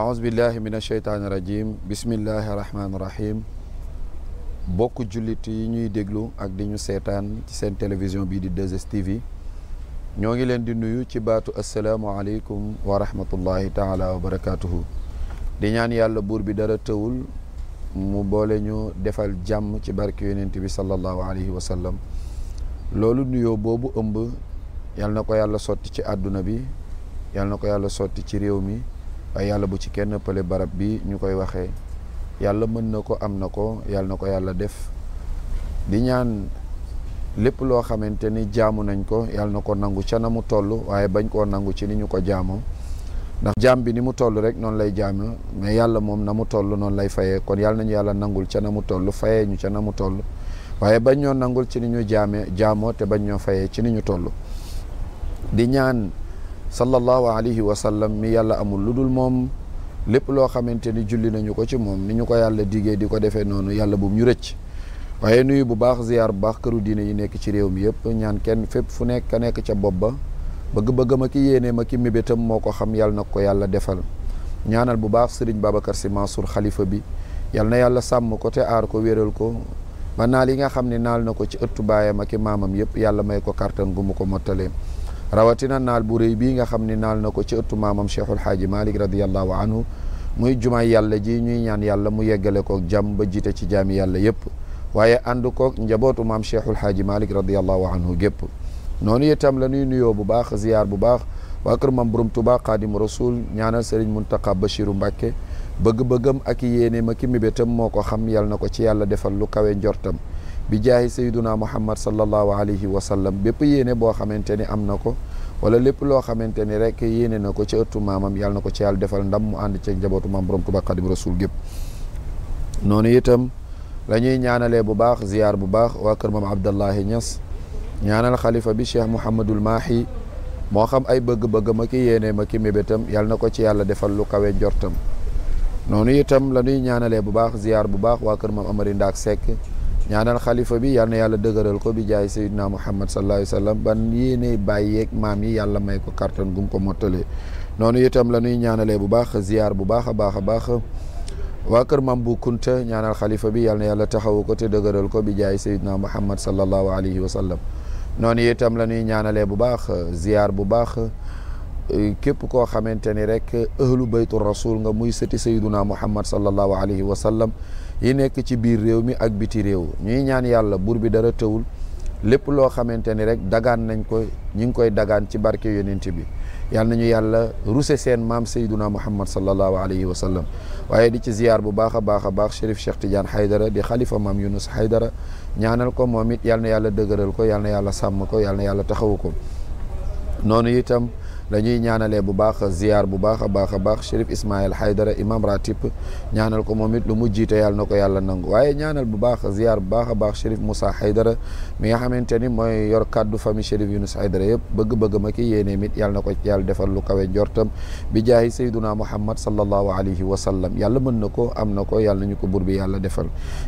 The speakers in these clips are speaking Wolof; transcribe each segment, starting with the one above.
aouzu billahi min asheytaani rajim bismillahi rahmaani rahim bokk jullit yi ñuy déglu ak di ñu seetaan ci seen télévision bii di 2 ñoo ngi leen di nuyu ci baatu asalaamualeykum wa rahmatullahi taala wa barakaatuhu di ñaan yàlla buur bi dara tëwul mu boole ñu defal jàmm ci barke yonent bi sallallahu alayhi wa sallam loolu nuyoo boobu ëmb yal na ko yàlla sotti ci àdduna bi yal na ko yàlla sotti ci réew mi waaye yàlla bu ci kenn pële barab bii ñu koy waxee yàlla mën na ko am na ko yàlla na ko yàlla def di ñaan lépp loo xamante ni jaamu nañ ko yàlla na ko nangu ca na mu toll waaye bañ koo nangu ci ni ñu ko jaamoo ndax jaam bi ni mu toll rek noonu lay jaam mais yàlla moom na mu toll noonu lay fayee kon yàlla nañu yàlla nangul ca na mu tollu fayee ñu ca na mu toll waaye bañ ñoo nangul ci ni ñu jaamee jaamoo te bañ ñoo fayee ci ni ñu toll di ñaan sallallahu alayhi wa sallam mi yàlla amul lu dul moom lépp loo xamante ni julli nañu ko ci moom ni ñu ko yàlla digee di ko defee noonu yàlla bu ñu rëcc waaye nuyu bu baax ziyaar bu baax këru diine yi nekk ci réew mi yëpp ñaan kenn fépp fu nekk ka nekk ca bopp ba bëgg-bëgg ma ki yéenee ma ki mébétam moo ko xam yàlla nag ko yàlla defal ñaanal bu baax sëriñ Babacar Sy Mansour xalifa bi yàlla na yàlla sàmm ko te aar ko wéral ko ba naal yi nga xam ne naal na ko ci ëttu baayam ak maamam yëpp yàlla may ko kàttan gu mu ko mottalee rawatina naal bu réy nga xam ne naal na ko ci ëttu maamam cheikhul xaaji malik radiallahu anhu muy jumaay yàlla ji ñuy ñaan yàlla mu yeggale koog jàmm ba jiite ci jaami yàlla yépp waaye ànd koog njabootu maam cheikhul xaaji malik radiallahu anhu gépp noonu itam la ñuy nuyoo bu baax ziyaar bu baax waa kër mam borom tuba xaadim rasul ñaanal sëriñ muntaqa bachiru mbake bëgg-bëggam ak yéene ma ki mébétam moo ko xam yàlla na ko ci yàlla defal lu kawe jortam bi jaahi sayyiduna muhammad sallallahu alayhi wa sallam bépp yéene boo xamante ni am na ko wala lépp loo xamante ni rek yéene na ko ci ëttu maamam yàlla na ko ci yàlla defal ndam mu ànd ci njabootu maam borom Tuubaa Xaadimu Rasuul gépp noonu itam lañuy ñuy bu baax ziyaar bu baax waa kër maam Abdallahi Niass ñaanal xalifa bi cheikh Mouhamadul Mahi moo xam ay bëgg-bëgg ma ki yéene ma ki mébétam yàlla na ko ci yàlla defal lu kawe jortam noonu itam la ñuy ñaanalee bu baax ziyaar bu baax waa kër maam Amari Ndaak Seck ñaanal xalifa bi yal na yàlla dëgëral ko bi jaay sayyidina muhammad sallallahu alayhi wa sallam ban yéene bàyyeeg maam yi yàlla may ko kartan gum ko mottalee noonu itam la ñuy ñaanalee bu baax ziyaar bu baax a baax a baax waa kër mam bu kunta ñaanal xalifa bi yal na yàlla taxawu ko te dëgëral ko bi jaay sayyidina muhammad sallallahu alayhi wa sallam noonu itam la ñuy ñaanalee bu baax ziyaar bu baax képp koo xamante ni rek ahlu baytu rasul nga muy sëti sayyiduna muhammad sallallahu alayhi wa sallam yi nekk ci biir réew mi ak biti réew ñuy ñaan yàlla buur bi dara tëwul lépp loo xamante ni rek dagaan nañ ko ñi ngi koy dagaan ci barke yonent bi na ñu yàlla ruse seen maam sayduna muhammad sallallahu alayhi wa sallam waaye di ci ziyaar bu baax a baax a baax Chérif Cheikh Tidiane Haydara di xalifa maam Yunus Haydara ñaanal ko moom it yal yàlla dëgëral ko yàlla yàlla sàmm ko yàlla yàlla taxawu ko noonu itam la ñuy ñaanalee bu baax ziar bu baax a baax a baax Chérif Ismaïl Haydara imam ratib ñaanal ko moom it lu mu jiite yàlla na ko yàlla nangu waaye ñaanal bu baax ziar bu baax a baax Chérif Moussa Haydara mi nga xamante ni mooy yor kaddu famille Chérif Yunus Haydara yëpp bëgg-bëgg ma ki yéenee mit yàlla ko yàlla defal lu kawe njortam bi jaahi sayduna Muhammad sallallahu alayhi wa sallam yàlla mën na ko am na ko yàlla nañu ko bur bi yàlla defal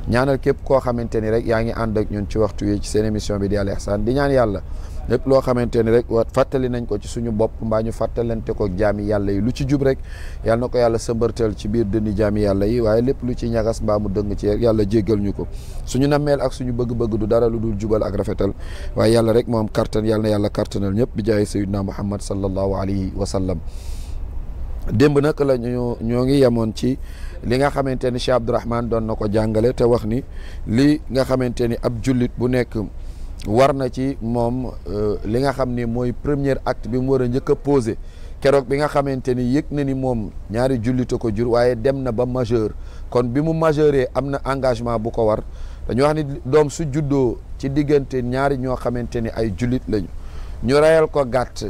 ñaanal képp koo xamante ni rek yaa ngi ànd ak ñun ci waxtu yi ci seen bi di Al Ihsan di ñaan yàlla lépp loo xamante ni rek wa fàttali nañ ko ci suñu bopp mbaa ñu fàttalante ko jaami yàlla yi lu ci jub rek yàlla na ko yàlla sëmbarteel ci biir dënn jaami yàlla yi waaye lépp lu ci ñagas mbaamu mu dëng ci yàlla jéggal ñu ko suñu nameel ak suñu bëgg-bëgg du dara lu dul jubal ak rafetal waaye yàlla rek moom kartan yàlla na yàlla kartanal ñëpp bi jaay sayyidina muhammad sallallahu alayhi wa sallam démb nag la ñu ñoo ngi yemoon ci li nga xamante ni Cheikh Abdourahman doon na ko jàngale te wax ni li nga xamante ni ab jullit bu nekk war na ci moom euh, li nga xam ni mooy premier act bi mu war a njëkk a posé keroog bi nga xamante ni yëg na ni moom ñaari jullite ko jur waaye dem na ba majeur kon bi mu majeuree am na engagement bu ko war dañu wax ni doom su juddoo ci diggante ñaari ñoo xamante ni ay jullit lañu ñu rayal ko gàtt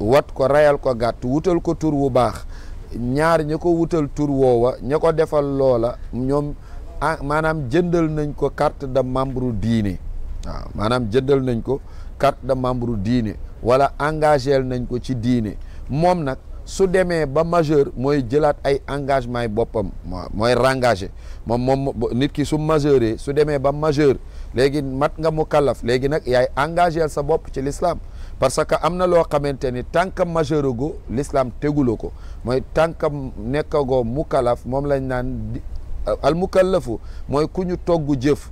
wat ko rayal ko gàtt wutal ko tur wu baax ñaar ña ko wutal tur woowa ña ko defal loola ñoom ah, maanaam jëndal nañ ko carte de membre diine waaw maanaam jëndal nañ ko carte de membre diine wala engagé nañ ko ci diine moom nag su demee ba majeur mooy jëlaat ay engagement yi boppam mooy rengagé moom moom nit ki su majeuree su demee ba majeur léegi mat nga mu kallaf léegi nag yaay engagé sa bopp ci l'islam parce que am na loo xamante ni tant que majeur gu l'islam tegula ko mooy tant que nekkagoo mu kallaf moom lañ naan al mukallafu mooy ku ñu togg jëf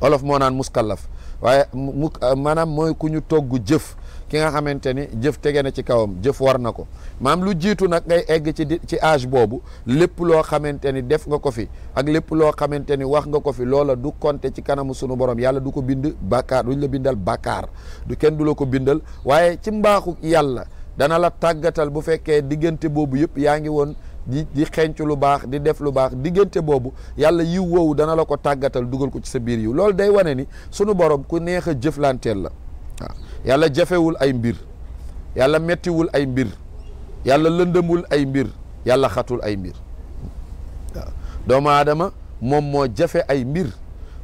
olof moo naan muskallaf waaye mu euh, maanaam mooy ku ñu togg jëf ki nga xamante ni jëf tege na ci kawam jëf war na ko maam lu jiitu nag ngay egg ci ci âge boobu lépp loo xamante ni def nga ko fi ak lépp loo xamante ni wax nga ko fi loola du compter ci kanamu sunu borom yàlla du ko bind bàkkaar duñ la bindal bàkkaar du kenn du la ko bindal waaye ci mbaaxu yàlla dana la tàggatal bu fekkee diggante boobu yëpp yaa ngi woon di di xenc lu baax di def lu baax diggante boobu yàlla yiw woowu dana la ko tàggatal dugal ko ci sa biir yiw loolu day wane ni sunu borom ku neex a jëflanteel la waaw yàlla jafewul ay mbir yàlla mettiwul ay mbir yàlla lëndëmul ay mbir yàlla xatul ay mbir waaw doomu aadama moom moo jafe ay mbir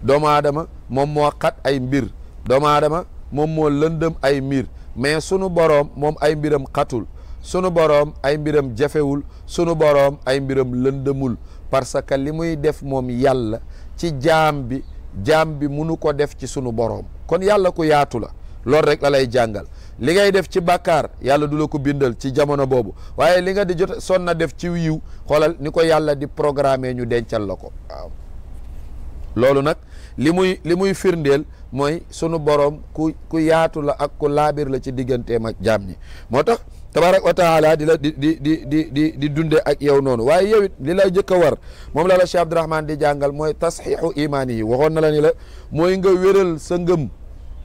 doomu aadama moom moo ay mbir doomu moom moo lëndëm ay mbir mais sunu boroom moom ay mbiram xatul sunu boroom ay mbiram jafewul sunu boroom ay mbiram lëndëmul parce que li muy def moom yàlla ci jaam bi jaam bi munu ko def ci sunu boroom kon yàlla ku yaatu la loolu rek la lay jàngal li ngay def ci bàkkaar yàlla du la ko bindal ci jamono boobu waaye li nga di jot son na def ci yiw xoolal ni ko yàlla di programmer ñu dencal la ko waaw loolu nag li muy li muy firndeel mooy sunu boroom ku ku yaatu la ak ku laabir la ci digganteem ak jaam ñi moo tax tabaaraka wa taala di la di di di di di di dundee ak yow noonu waaye yow it li la jëkk a war moom la la Cheikh Abdourahmane di jàngal mooy tasxiixu imaan yi waxoon na la ni la mooy nga wéral sa ngëm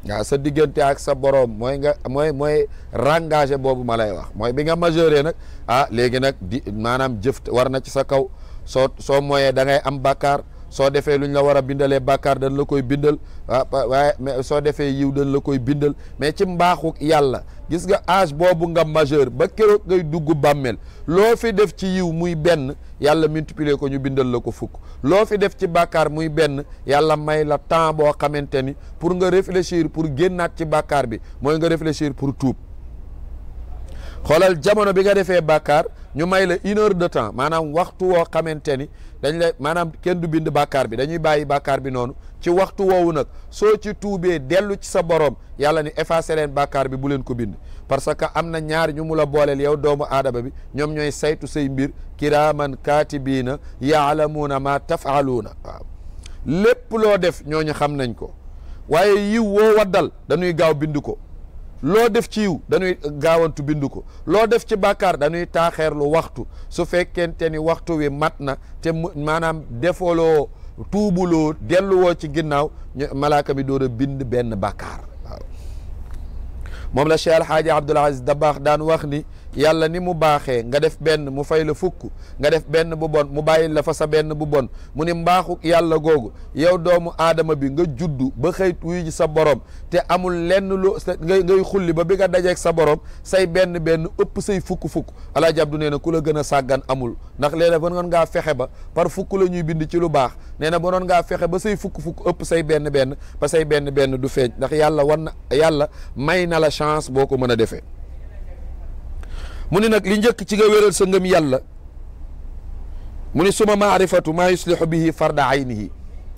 waaw sa diggante ak sa boroom mooy nga mooy mooy rengagé boobu ma lay wax mooy bi nga majeure nag ah léegi nag di maanaam jëf war na ci sa kaw soo soo mooyee da ngay am bàkkaar soo defee lu ñu la war a bindalee bàkkaar dañ la koy bindal Ah, waaye soo defee yiw dañ la koy bindal mais ci mbaaxu yàlla gis nga âge boobu nga majeur ba keroog ngay dugg bàmmeel loo fi def ci yiw muy benn yàlla multiplier ko ñu bindal la ko fukk loo fi def ci bàkkaar muy benn yàlla may la temps boo xamante ni pour nga réflécir pour génnaat ci bàkkaar bi mooy nga réfléchir pour tuub xoolal jamono bi nga defee bàkkaar ñu may la une de temps maanaam waxtu woo xamante ni dañ la maanaam kenn du bind bàkkaar bi dañuy bàyyi bàkkaar bi noonu ci waxtu woowu nag soo ci tuubee dellu ci sa borom yàlla ni effacé leen bàkkaar bi bu leen ko bind parce que am na ñaar ñu mu la booleel yow doomu aadama bi ñoom ñooy saytu say mbir kiraaman kaatibiina na maa tafaaluuna waaw lépp loo def ñooñu xam nañ ko waaye yiw woo waddal dañuy gaaw bind ko loo def ci yiw dañuy gaawantu bind ko loo def ci bàkkaar dañuy taaxeerlu waxtu su fekkente ni waxtu wi mat na te maanaam defoloo tuubuloo delluwoo ci ginnaaw ñu malaaka mi door a bind benn bàkkaar waaw moom la Cheikh Alhaaji Abdoul Aziz Dabakh daan wax ni yàlla ni mu baaxee nga def benn mu fay la fukk nga def benn bu bon mu bàyyi la fa sa benn bu bon mu ni mbaaxu yàlla googu yow doomu aadama bi nga judd ba xëy wuy ji sa borom te amul lenn lu ngay ngay xulli ba bi nga dajeeg sa borom say benn benn ëpp say fukk fukk alaa jabdu nee na ku la gën a sàggan amul ndax léeg-léeg ba noon fexe ba par fukk la ñuy bind ci lu baax nee na ba ngaa fexe ba say fukk fukk ëpp say benn benn ba say benn benn du feeñ ndax yàlla war na yàlla may na la chance boo ko mën a defee mu ni nag li njëkk ci nga wéral sa ngëm yàlla mu ni suma maarifatu maa yuslihu bihi farda aynihi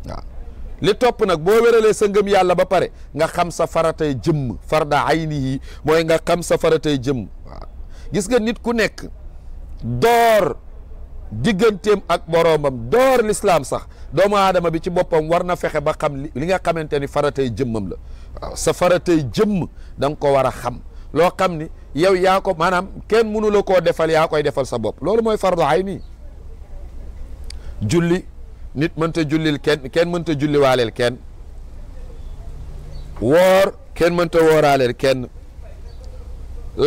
waaw li topp nag boo wéralee sa ngëm yàlla ba pare nga xam sa faratay jëmm farda aynihi mooy nga xam sa faratay jëmm gis nga nit ku nekk door digganteem ak boroomam door lislaam sax doomu aadama bi ci boppam war na fexe ba xam li nga xamante ni faratay jëmmam la waaw sa faratay jëmm da ko war a xam loo xam ni yow yaa ko maanaam kenn mënu la koo defal yaa koy defal sa bopp loolu mooy fardu ayni julli nit mënta julli kenn kenn mënta julliwaaleel kenn woor kenn mënta wooraaleel kenn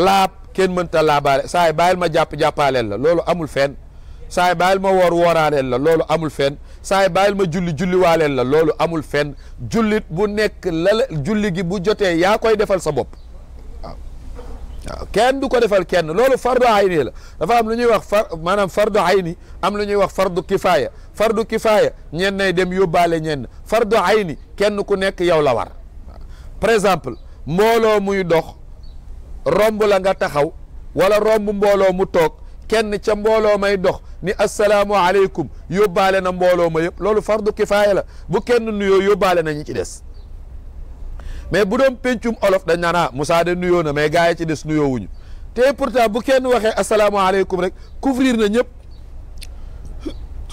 laab kenn mënta ta saa saay bàyyil ma jàpp jàppaaleel la loolu amul fenn saa yi ma woor la loolu amul fenn saa yi ma julli julliwaaleel la loolu amul fenn jullit bu nekk la julli gi bu jotee yaa koy defal sa bopp waaw kenn du ko defal kenn loolu fardu ayni la dafa am lu ñuy wax far maanaam fardu ayni am lu ñuy wax fardu kifaaya fardu kifaaya ñenn nay dem yóbbaale ñenn fardu ayni kenn ku nekk yow la war par exemple mbooloo muy dox romb la nga taxaw wala romb mbooloo mu toog kenn ca mbooloo may dox ni asalaamu aleykum yóbbaale na mbooloo ma yëpp loolu fardu kifaaya la bu kenn nuyoo yóbbaale na ñi ci des mais bu doon pencum olof dañ naan ah de nuyoo na mais gars yi ci des nuyoo ñu te pourtant bu kenn waxee asalaamaaleykum rek couvrir na ñëpp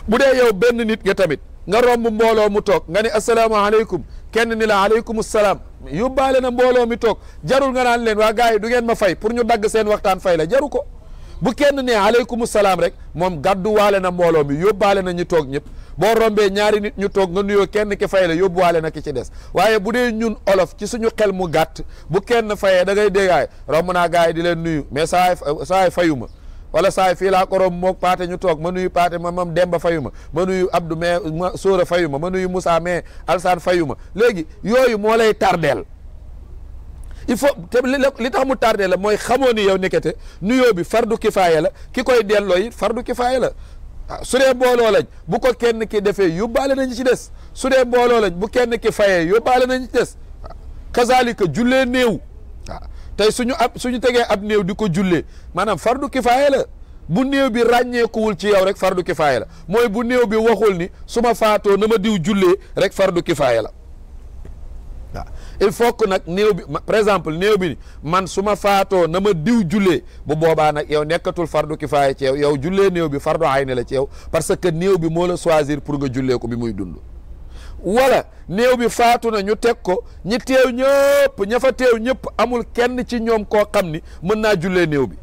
bu dee yow benn nit nga tamit nga romb mbooloo mu toog nga ni asalaamaaleykum kenn ni la aleykum salaam yóbbaale na mbooloo mi toog jarul nga naan leen waa gars yi du ngeen ma fay pour ñu dagg seen waxtaan fay la jaru ko. bu kenn ne aleykum salaam rek moom gàdduwaale na mbooloo mi yóbbaale na ñu toog ñëpp boo rombee ñaari nit ñu toog nga nuyoo kenn ki fay la waale na ki ci des waaye bu dee ñun olof ci suñu xel mu gàtt bu kenn fayee da ngay déggaay romb naa gars yi di leen nuyu mais saay saay fayu ma wala saay fii laa ko romb moog paate ñu toog ma nuyu paate ma mam demba fayu ma ma nuyu abdou mais ma sóora fayu ma ma nuyu moussa mais alsaan fayuma ma léegi yooyu moo lay tardeel il faut te li tax mu tardé la mooy xamoo ni yow nekkete nuyoo bi fardu kifaaya la ki koy delloo it fardu kifaaya la ah su dee booloo lañ bu ko kenn ki defee yóbbaale nañu ci des su dee booloo lañ bu kenn ki fayee yóbbaale nañ ci des ah, kazalika jullee néew waaw ah, tey suñu ab suñu tegee ab néew di ko jullee maanaam far fardu kifaaya la bu néew bi ràññeekuwul ci yow rek far fardu kifaaya la mooy bu néew bi waxul ni su ma faatoo na ma diw jullee rek far fardu kifaaya la il faut que nag néew bi par exemple néew bi man su ma faatoo na ma diw jullee bu boobaa nag yow nekkatul fardu kifaaya ci yow yow jullee néew bi fardu ayni la ci yow parce que néew bi moo la choisir pour nga julee ko bi muy dund wala néew bi faatu na ñu teg ko ñi teew ñëpp ña fa teew ñëpp amul kenn ci ñoom koo xam ni mën naa julee néew bi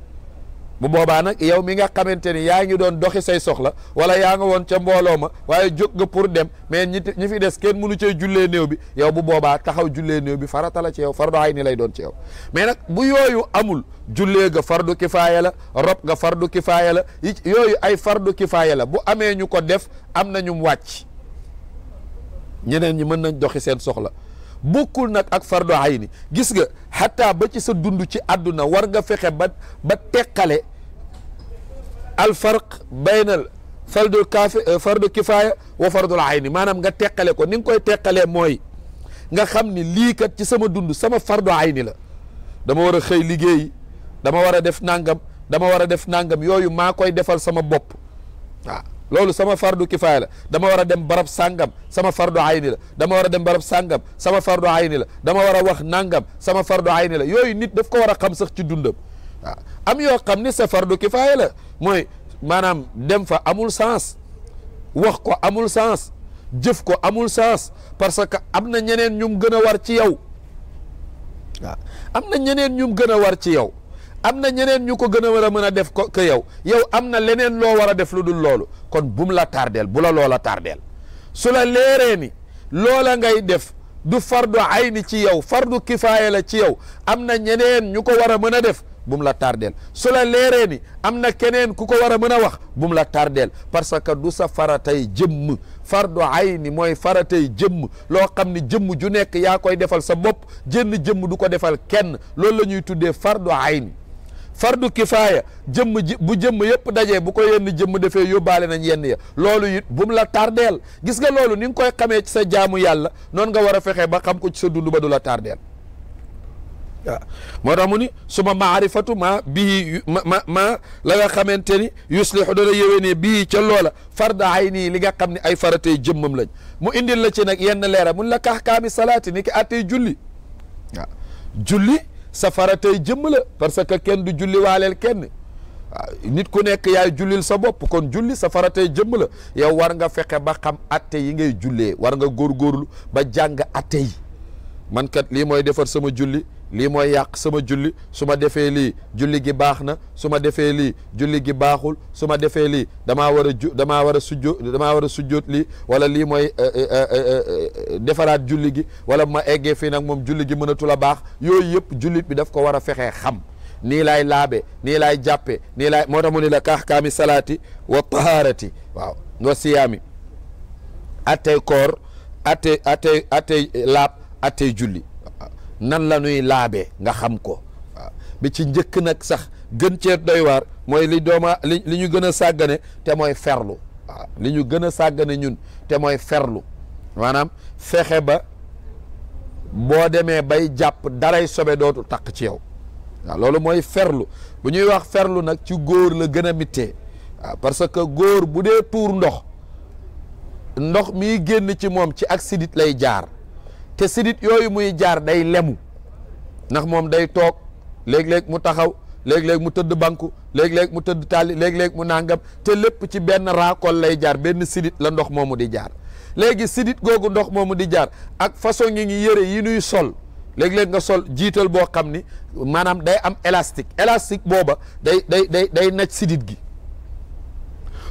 bu boobaa nag yow mi nga xamante ni yaa ngi doon doxi say soxla wala yaa nga woon ca mbooloo ma waaye jóg nga pour dem mais ñi ñi fi des kenn mënu cee jullee néew bi yow bu boobaa taxaw jullee néew bi faratala la ci yow fardu ay ni lay doon ci yow mais nag bu yooyu amul jullee nga fardu kifaaya la rob nga fardu kifaaya la yooyu ay fardu kifaaya la bu amee ñu ko def am na ñu wàcc ñeneen ñi mën nañ doxi seen soxla bokkul nag ak fardu ayni gis nga xataa ba ci sa dund ci àdduna war nga fexe ba ba teqale al farq baynal fardu kaafi euh, fardu kifaaya wa fardul ayni maanaam nga teqale ko ni nga koy teqalee mooy nga xam ni lii kat ci sama dund sama fardu ayni la dama war a xëy liggéey dama war a def nangam dama war a def nangam yooyu maa koy defal sama bopp loolu sama fardu kifaaya la dama war a dem barab sàngam sama fardu ayni la dama war a dem barab sàngam sama fardu ayni la dama war a wax nangam sama fardu ayni la yooyu nit daf ko war a xam sax ci dundam waaw am yoo xam ni sa fardu kifaaya la mooy maanaam dem fa amul sens wax ko amul sance jëf ko amul sens parce que am na ñeneen ñum gën a war ci yow waaw na ñeneen ñum gën a war ci yow am na ñeneen ñu ko gën a war a mën a def ko que yow yow am na leneen loo war a def lu dul loolu kon bum la tardeel bu la loola tardeel su la leeree ni loola ngay def du fardu ayni ci yow fardu kifaaya la ci yow am na ñeneen ñu ko war a mën a def bum la tardeel su la leeree am na keneen ku ko war a mën a wax bum la tardeel parce que du sa faratay jëmm fardu ayni mooy faratay jëmm loo xam ni jëmm ju nekk yaa koy defal sa bopp jënn jëmm du ko defal kenn loolu la ñuy tuddee fardu ayni fardu kifaaya jëmm ji bu jëm yëpp daje bu ko yenn jëm defee yóbbaale nañ yenn ya loolu it bu la tardeel gis nga loolu ni koy xamee ci sa jaamu yàlla noonu nga war a fexe ba xam ko ci sa dund ba du la tardeel waaw moo tax mu ni suma maarifatu ma bii ma ma la nga xamante ni yuslihu dana yëwee ne bii ca loola farda ay nii li nga xam ne ay faratey jëmmam lañ mu indil la ci nag yenn leera mun la kaxkaami salaati ni ki attey julli waaw julli safara tey jëmm la parce que kenn du julli waaleel kenn ah, nit ku nekk yaay jullil sa bopp kon julli safara tey jëmm la yow war nga fexe ba xam atte yi ngay jullee war nga góorgóorlu ba jàng atte man kat lii mooy defar sama julli lii mooy yàq sama julli su ma defee lii julli gi baax na su ma defee lii julli gi baaxul su ma defee lii damaa war a ju damaa war a sujjo damaa war a sujjoot lii wala lii mooy eh, eh, eh, defaraat julli gi wala ma eggee fii nag moom julli gi mënatul a baax yooyu yëpp jullit bi daf ko war a fexee xam nii laay laabe nii laay jàppe nii laay moo tax mu ni la kaxkaami salaati wa tahaarati waaw wa siyaami attey koor attey attey laab attey julli nan lañuy ñuy laabee nga xam ko waaw bi ci njëkk nag sax gën ceet doy waar mooy li dooma li li ñu gën a sàggane te mooy ferlu waaw li ñu gën a sàggane ñun te mooy ferlu maanaam fexe ba boo demee bay jàpp daray sobe dootu takk ci yow waaw loolu mooy ferlu bu ñuy wax ferlu nag ci góor la gën a mittee waaw parce que góor bu dee tuur ndox ndox miy génn ci moom ci ak lay jaar te sidit yooyu muy jaar day lemu ndax moom day toog léeg-léeg mu taxaw léeg-léeg mu tëdd banku léeg-léeg mu tëdd tàlli léeg-léeg mu nàngam te lépp ci benn raakool lay jaar benn sidit la ndox moomu di jaar léegi sidit googu ndox moomu di jaar ak façon ngi ngi yére yi nuy sol léegi léeg nga sol jiital boo xam ni maanaam day am élastique élastique booba day day day day naj sidit gi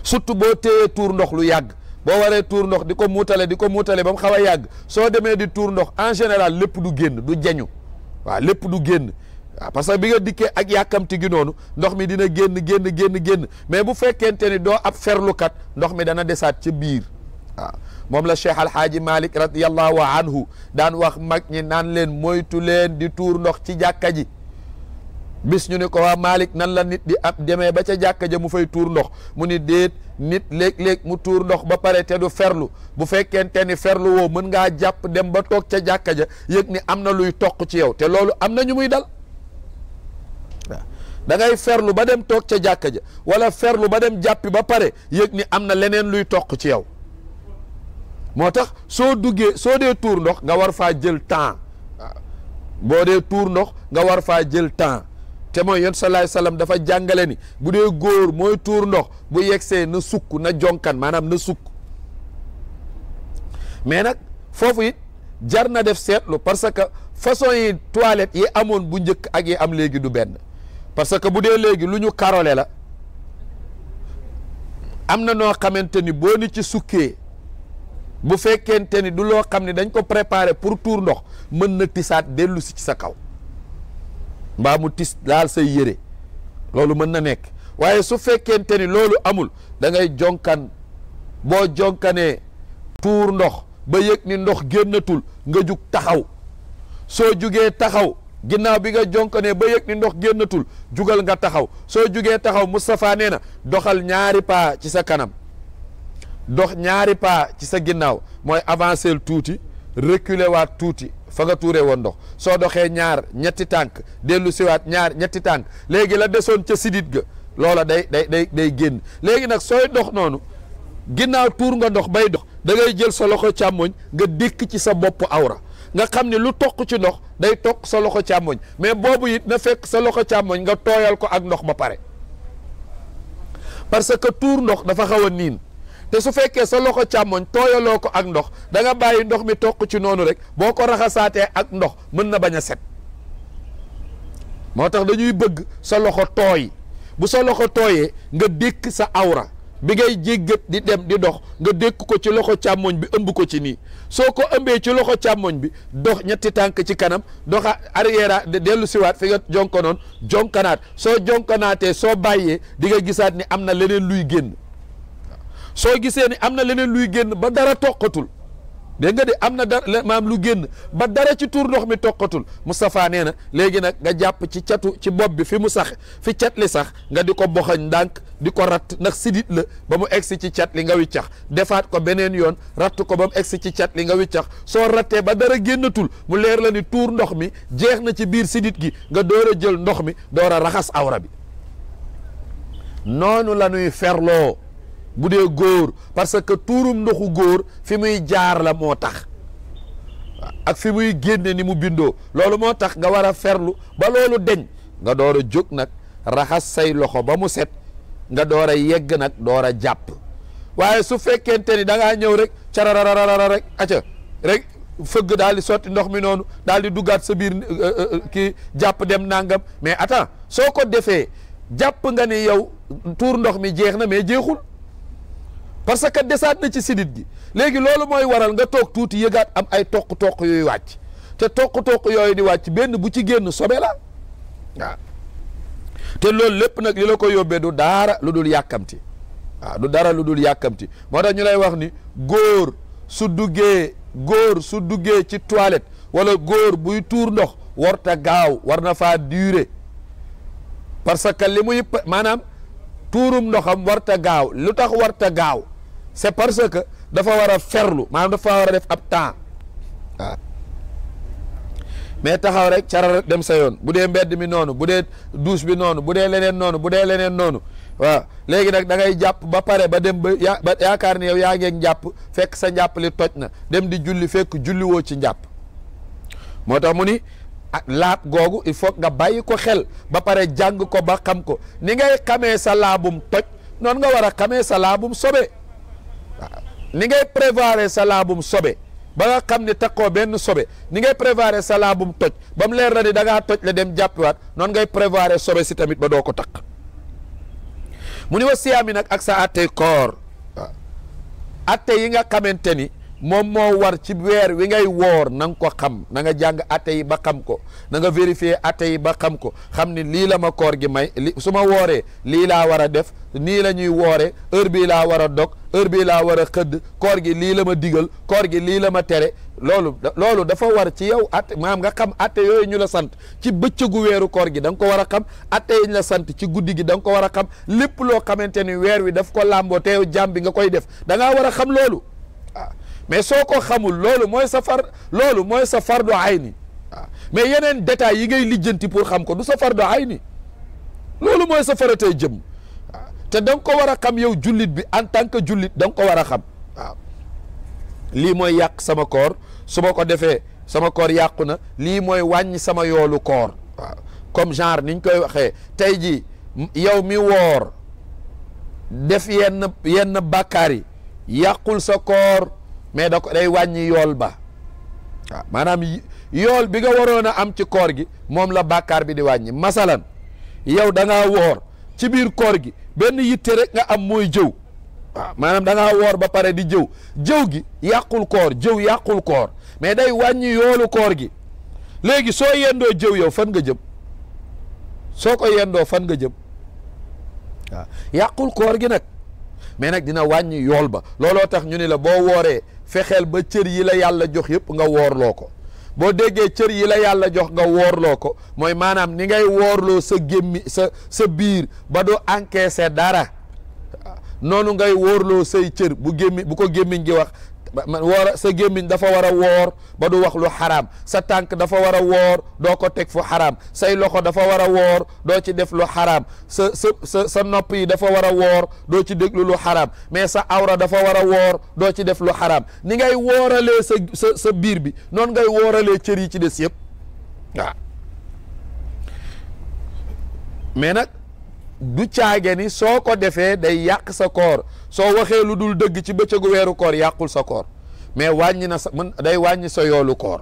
surtout boo téyee tuur ndox lu yàgg boo waree tuur ndox di ko muutale di ko muutale ba mu xaw a yàgg soo demee di tuur ndox en général lépp du génn du jañu waaw lépp du génn waaw parce que bi nga dikkee ak yàkkamti gi noonu ndox mi dina génn génn génn génn mais bu fekkente ni doo ab ferlukat ndox mi dana desaat ci biir waaw moom la cheikh alhaaji malik radiallahu anhu daan wax mag ñi naan leen moytu leen di tuur ndox ci jàkka ji bis ñu ne ko waa Malick nan la nit di am demee ba ca jàkka ja mu fay tuur ndox mu ni déet nit léeg-léeg mu tuur ndox ba pare te du ferlu bu fekkente ni ferlu woo mën ngaa jàpp dem ba toog ca jàkka ja yëg ni am na luy toq ci yow te loolu am na ñu muy dal waaw da ngay ferlu ba dem toog ca jàkka ja wala ferlu ba dem jàppi ba pare yëg ni am na leneen luy toq ci yow moo tax soo duggee soo dee tuur ndox nga war faa jël temps boo dee tuur ndox nga war faa jël temps te mooy yoon salaay salaam dafa jàngale ni bu dee góor mooy tuur ndox bu yegsee na sukk na jonkan maanaam na sukk mais nag foofu it jar na def seetlu parce que façon yi toilette yi amoon bu njëkk ak yi am léegi du benn parce que bu dee léegi lu ñu karole la am na noo xamante ni boo ni ci sukkee bu fekkente ni du loo xam ne dañ ko préparer pour tuur ndox mën na tisaat dellu si ci sa kaw mbaa mu tis laal say yére loolu mën na nekk waaye su fekkente ni loolu amul da ngay jonkan boo jonkanee tuur ndox ba yëg ni ndox génnatul nga jug taxaw soo jugee taxaw ginnaaw bi nga jonkanee ba yëg ni ndox génnatul jugal nga taxaw soo jugee taxaw Moustapha nee na doxal ñaari paa ci sa kanam dox ñaari paa ci sa ginnaaw mooy avancer tuuti reculer waat tuuti fa nga tuuree woon ndox soo doxee ñaar ñetti tànk dellu siwaat ñaar ñetti tànk léegi la desoon ca sidit ga loola day day day day génn léegi nag sooy dox noonu ginnaaw tuur nga ndox bay dox dangay jël sa loxo càmmoñ nga dékk ci sa bopp awra nga xam ne lu toq ci ndox day toq sa loxo càmmoñ mais boobu it na fekk sa loxo càmmoñ nga tooyal ko ak ndox ba pare parce que tuur ndox dafa xaw a niin te su fekkee sa loxo càmmoñ tooyaloo ko ak ndox da nga bàyyi ndox mi toq ci noonu rek boo ko raxasaatee ak ndox mën na bañ a set moo tax dañuy bëgg sa loxo tooy bu sa loxo tooyee nga dékk sa awra bi ngay jéggat di dem di dox nga dékk ko ci loxo càmmoñ bi ëmb ko ci nii soo ko ëmbee ci loxo càmmoñ bi dox ñetti tànk ci kanam doxa arrière dellu siwaat fi nga noon jonkanaat soo jonkanaatee soo bàyyee di nga gisaat ni am na leneen luy génn soo gisee ni am na leneen luy génn ba dara toqatul dégg nga de am na dara maam lu génn ba dara ci tuur ndox mi toqatul Moustapha nee na léegi nag nga jàpp ci catu ci bopp bi fi mu sax fi cat li sax nga di ko boxañ ndànk di ko ratt ndax sidit la ba mu egsi ci cat li nga wiccax defaat ko beneen yoon ratt ko ba mu egsi ci cat li nga wiccax soo rattee ba dara génnatul mu leer la ni tuur ndox mi jeex na ci biir sidit gi nga door a jël ndox mi doora a raxas awra bi noonu la ñuy ferloo bu dee góor parce que tuurum ndoxu góor fi muy jaar la moo tax ak fi muy génne ni mu bindoo loolu moo tax nga war a ferlu ba loolu deñ nga door a jóg nag raxas say loxo ba mu set nga door yegg nag door a jàpp waaye su fekkente ni da ngaa ñëw rek cararararara rek aca rek fëgg daal di sotti ndox mi noonu daal di duggaat sa biir euh, euh, euh, kii jàpp dem nangam mais attends soo ko defee jàpp nga ni yow tuur ndox mi jeex na mais jeexul parce que desaat na ci sidit gi léegi loolu mooy waral nga toog tuuti yëgaat am ay toq-toq yooyu wàcc te toq-toq yooyu di wàcc benn bu ci génn sobe la waaw te loolu lépp nag li la ko yóbbee du daara lu dul yàkkamti waaw dara lu dul yàkkamti moo tax ñu lay wax ni góor su duggee góor su duggee ci toilet walla góor buy tuur ndox warta gaaw war na faa durer parce que li muy maanaam tuurum ndoxam warta gaaw lu tax warta gaaw c'est parce que dafa war a ferlu maanaam dafa war def ab temps waaw mais taxaw rek carar dem sa yoon bu dee mbedd mi noonu bu dee douche bi noonu bu dee leneen noonu bu dee leneen noonu waaw léegi nag dangay jàpp ba pare ba dem ba ya ba yaakaar ne yow yaa ngeen jàpp fekk sa njàpp li toj na dem di julli fekk julli woo ci njàpp moo tax mu ni ah, laab googu il faut nga bàyyi ko xel ba pare jàng ko ba xam ko ni ngay xamee sa laabum toj noonu nga war a xamee sa laabum sobe ni ngay prévoir sa laabum sobe ba nga xam ne takkoo benn sobe ni ngay prévoir sa laabum toj ba mu leer na ni da ngaa toj la dem jàppiwaat noonu ngay prévoir sobe si tamit ba doo ko takk mu ni wa siyaami nag ak sa atte koor waaw atte yi nga xamante ni moom moo war ci weer wi ngay woor na nga ko xam na nga jàng atte yi ba xam ko na nga vérifier atte yi ba xam ko xam ni lii la ma koor gi may li su ma wooree lii laa war a def nii la ñuy wooree heure bii laa war a dog heure bii laa war xëdd koor gi lii la ma diggal koor gi lii la ma tere loolu loolu dafa war ci yow atte maanaam nga xam ate yooyu ñu la sant ci bëccëgu weeru koor gi da nga ko war a xam atte yi la sant ci guddi gi da nga ko war a xam lépp loo xamante ni weer wi daf ko làmboo te yow bi nga koy def da ngaa war a xam loolu mais soo ko xamul loolu mooy safar far loolu mooy sa fardu ayni waaw mais yeneen détails yi ngay lijjanti pour xam ko du sa fardu ayni loolu mooy sa faratay jëm waaw te da ko war a xam yow jullit bi en tant que jullit da nga ko war a xam lii mooy yàq sama koor su ma ko defee sama koor yàqu na lii mooy wàññi sama yoolu koor comme genre niñ koy waxee tey ji yow mi woor def yenn yenn bàkkaar yi yàqul sa koor mais da ko day wàññi yool ba waaw maanaam yool bi nga waroon a am ci koor gi moom la bakkaar bi di wàññi masalan yow da ngaa woor ci biir koor gi benn yitte rek nga am mooy jëw waaw maanaam danga ngaa woor ba pare di jëw jëw gi yàqul koor jëw yàqul koor mais day wàññi yoolu koor gi léegi soo yendoo jëw yow fan nga jëm soo ko yendoo fan nga jëm waaw yàqul koor gi nag mais nag dina wàññi yool ba looloo tax ñu ni la boo wooree fexeel ba cër yi la yàlla jox yëpp nga woorloo ko boo déggee cër yi la yàlla jox nga woorloo ko mooy maanaam ni ngay woorloo sa gémmi sa sa biir ba du encaisser dara noonu ngay woorloo say cër bu gémmi bu ko gémmiñ gi wax man woor sa gémmiñ dafa war a woor ba du wax lu xaraam sa tànk dafa war a woor doo ko teg fu xaraam say loxo dafa war a woor doo ci def lu xaraam sa sa sa nopp yi dafa war a woor doo ci déglu lu xaraam mais sa awra dafa war a woor doo ci def loo xaraam ni ngay wooralee sa sa biir bi noonu ngay wooralee cër yi ci des yëpp waaw na du caage ni soo ko defee day yàq sa koor soo waxee lu dul dëgg ci bëccëgu weeru koor yàqul sa koor mais wàññi na sa mën day wàññi sa yoolu koor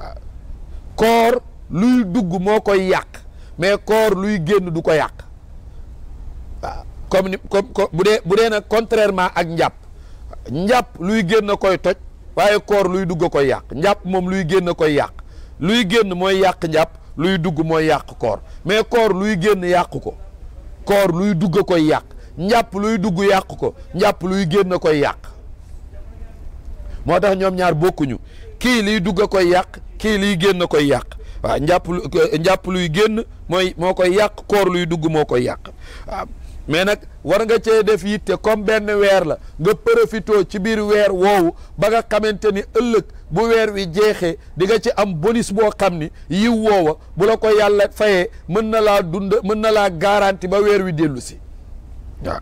waaw koor luy dugg moo koy yàq mais koor luy génn du ko yàq waaw comme ni comme bu dee bu dee nag contrairement ak njàpp njàpp luy génn koy toj waaye koor luy dugg a koy yàq njàpp moom luy génn koy yàq luy génn mooy yàq njàpp luy dugg mooy yàq koor mais koor luy génn yàq ko koor luy dugg a koy yàq njàpp luy dugg yàq ko njàpp luy génn a koy yàq moo tax ñoom ñaar bokkuñu kii liy dugg a koy yàq kii liy génn a koy yàq waaw njàpp njàpp luy génn mooy moo koy yàq koor luy dugg moo koy yàq waaw mais nag war nga cee def yitte comme benn weer la nga profitoo ci biir weer woowu ba nga xamante ni ëllëg bu weer wi jeexee dinga ci am bonus boo xam ni yiw woowa bu la ko yàlla fayee mën na laa dund mën na laa garanti ba weer wi dellusi si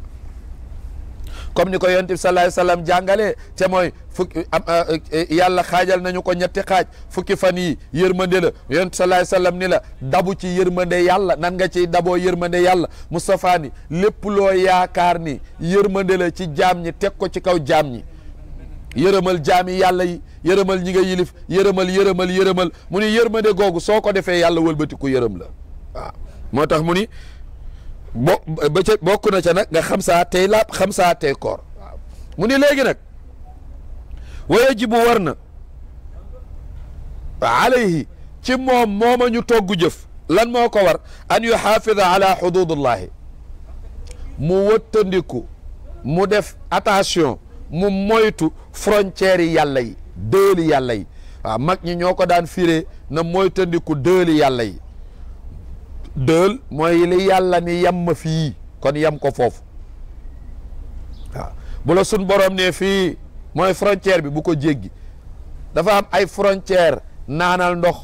comme ni ko yonent bi salaay salaam jàngalee te mooy fukki euh, euh, yàlla xaajal nañu ko ñetti xaaj fukki fan yi yërmande la yonent salaay ni la dabu ci yërmande yàlla nan nga ciy daboo yërmande yàlla Moustapha ni lépp loo yaakaar ni yërmande ci jaam ñi teg ko ci kaw jaam ñi yërëmal jaam yi yàlla yi yërëmal ñi nga yilif yërëmal yërëmal yërëmal mu ni yërmande googu soo ko defee yàlla wëlbatiku yërëm la waaw moo tax mu bo bokk na ca nag nga xam saa tey laab xam saa tey koor mu ni léegi nag waya ji bu war na alayhi ci moom mooma ñu togg jëf lan moo ko war an yu xaafida ala xududullahi mu wëttandiku mu def attention mu moytu frontières yi yàlla yi dëëli yàlla mag ñi ñoo ko daan firee na moytandiku dëëli yàlla yi dël mooy li yàlla ni yem ma fii kon yem ko foofu waaw bu la sun borom ne fii mooy frontière bi bu ko jéggi dafa am ay frontière naanal ndox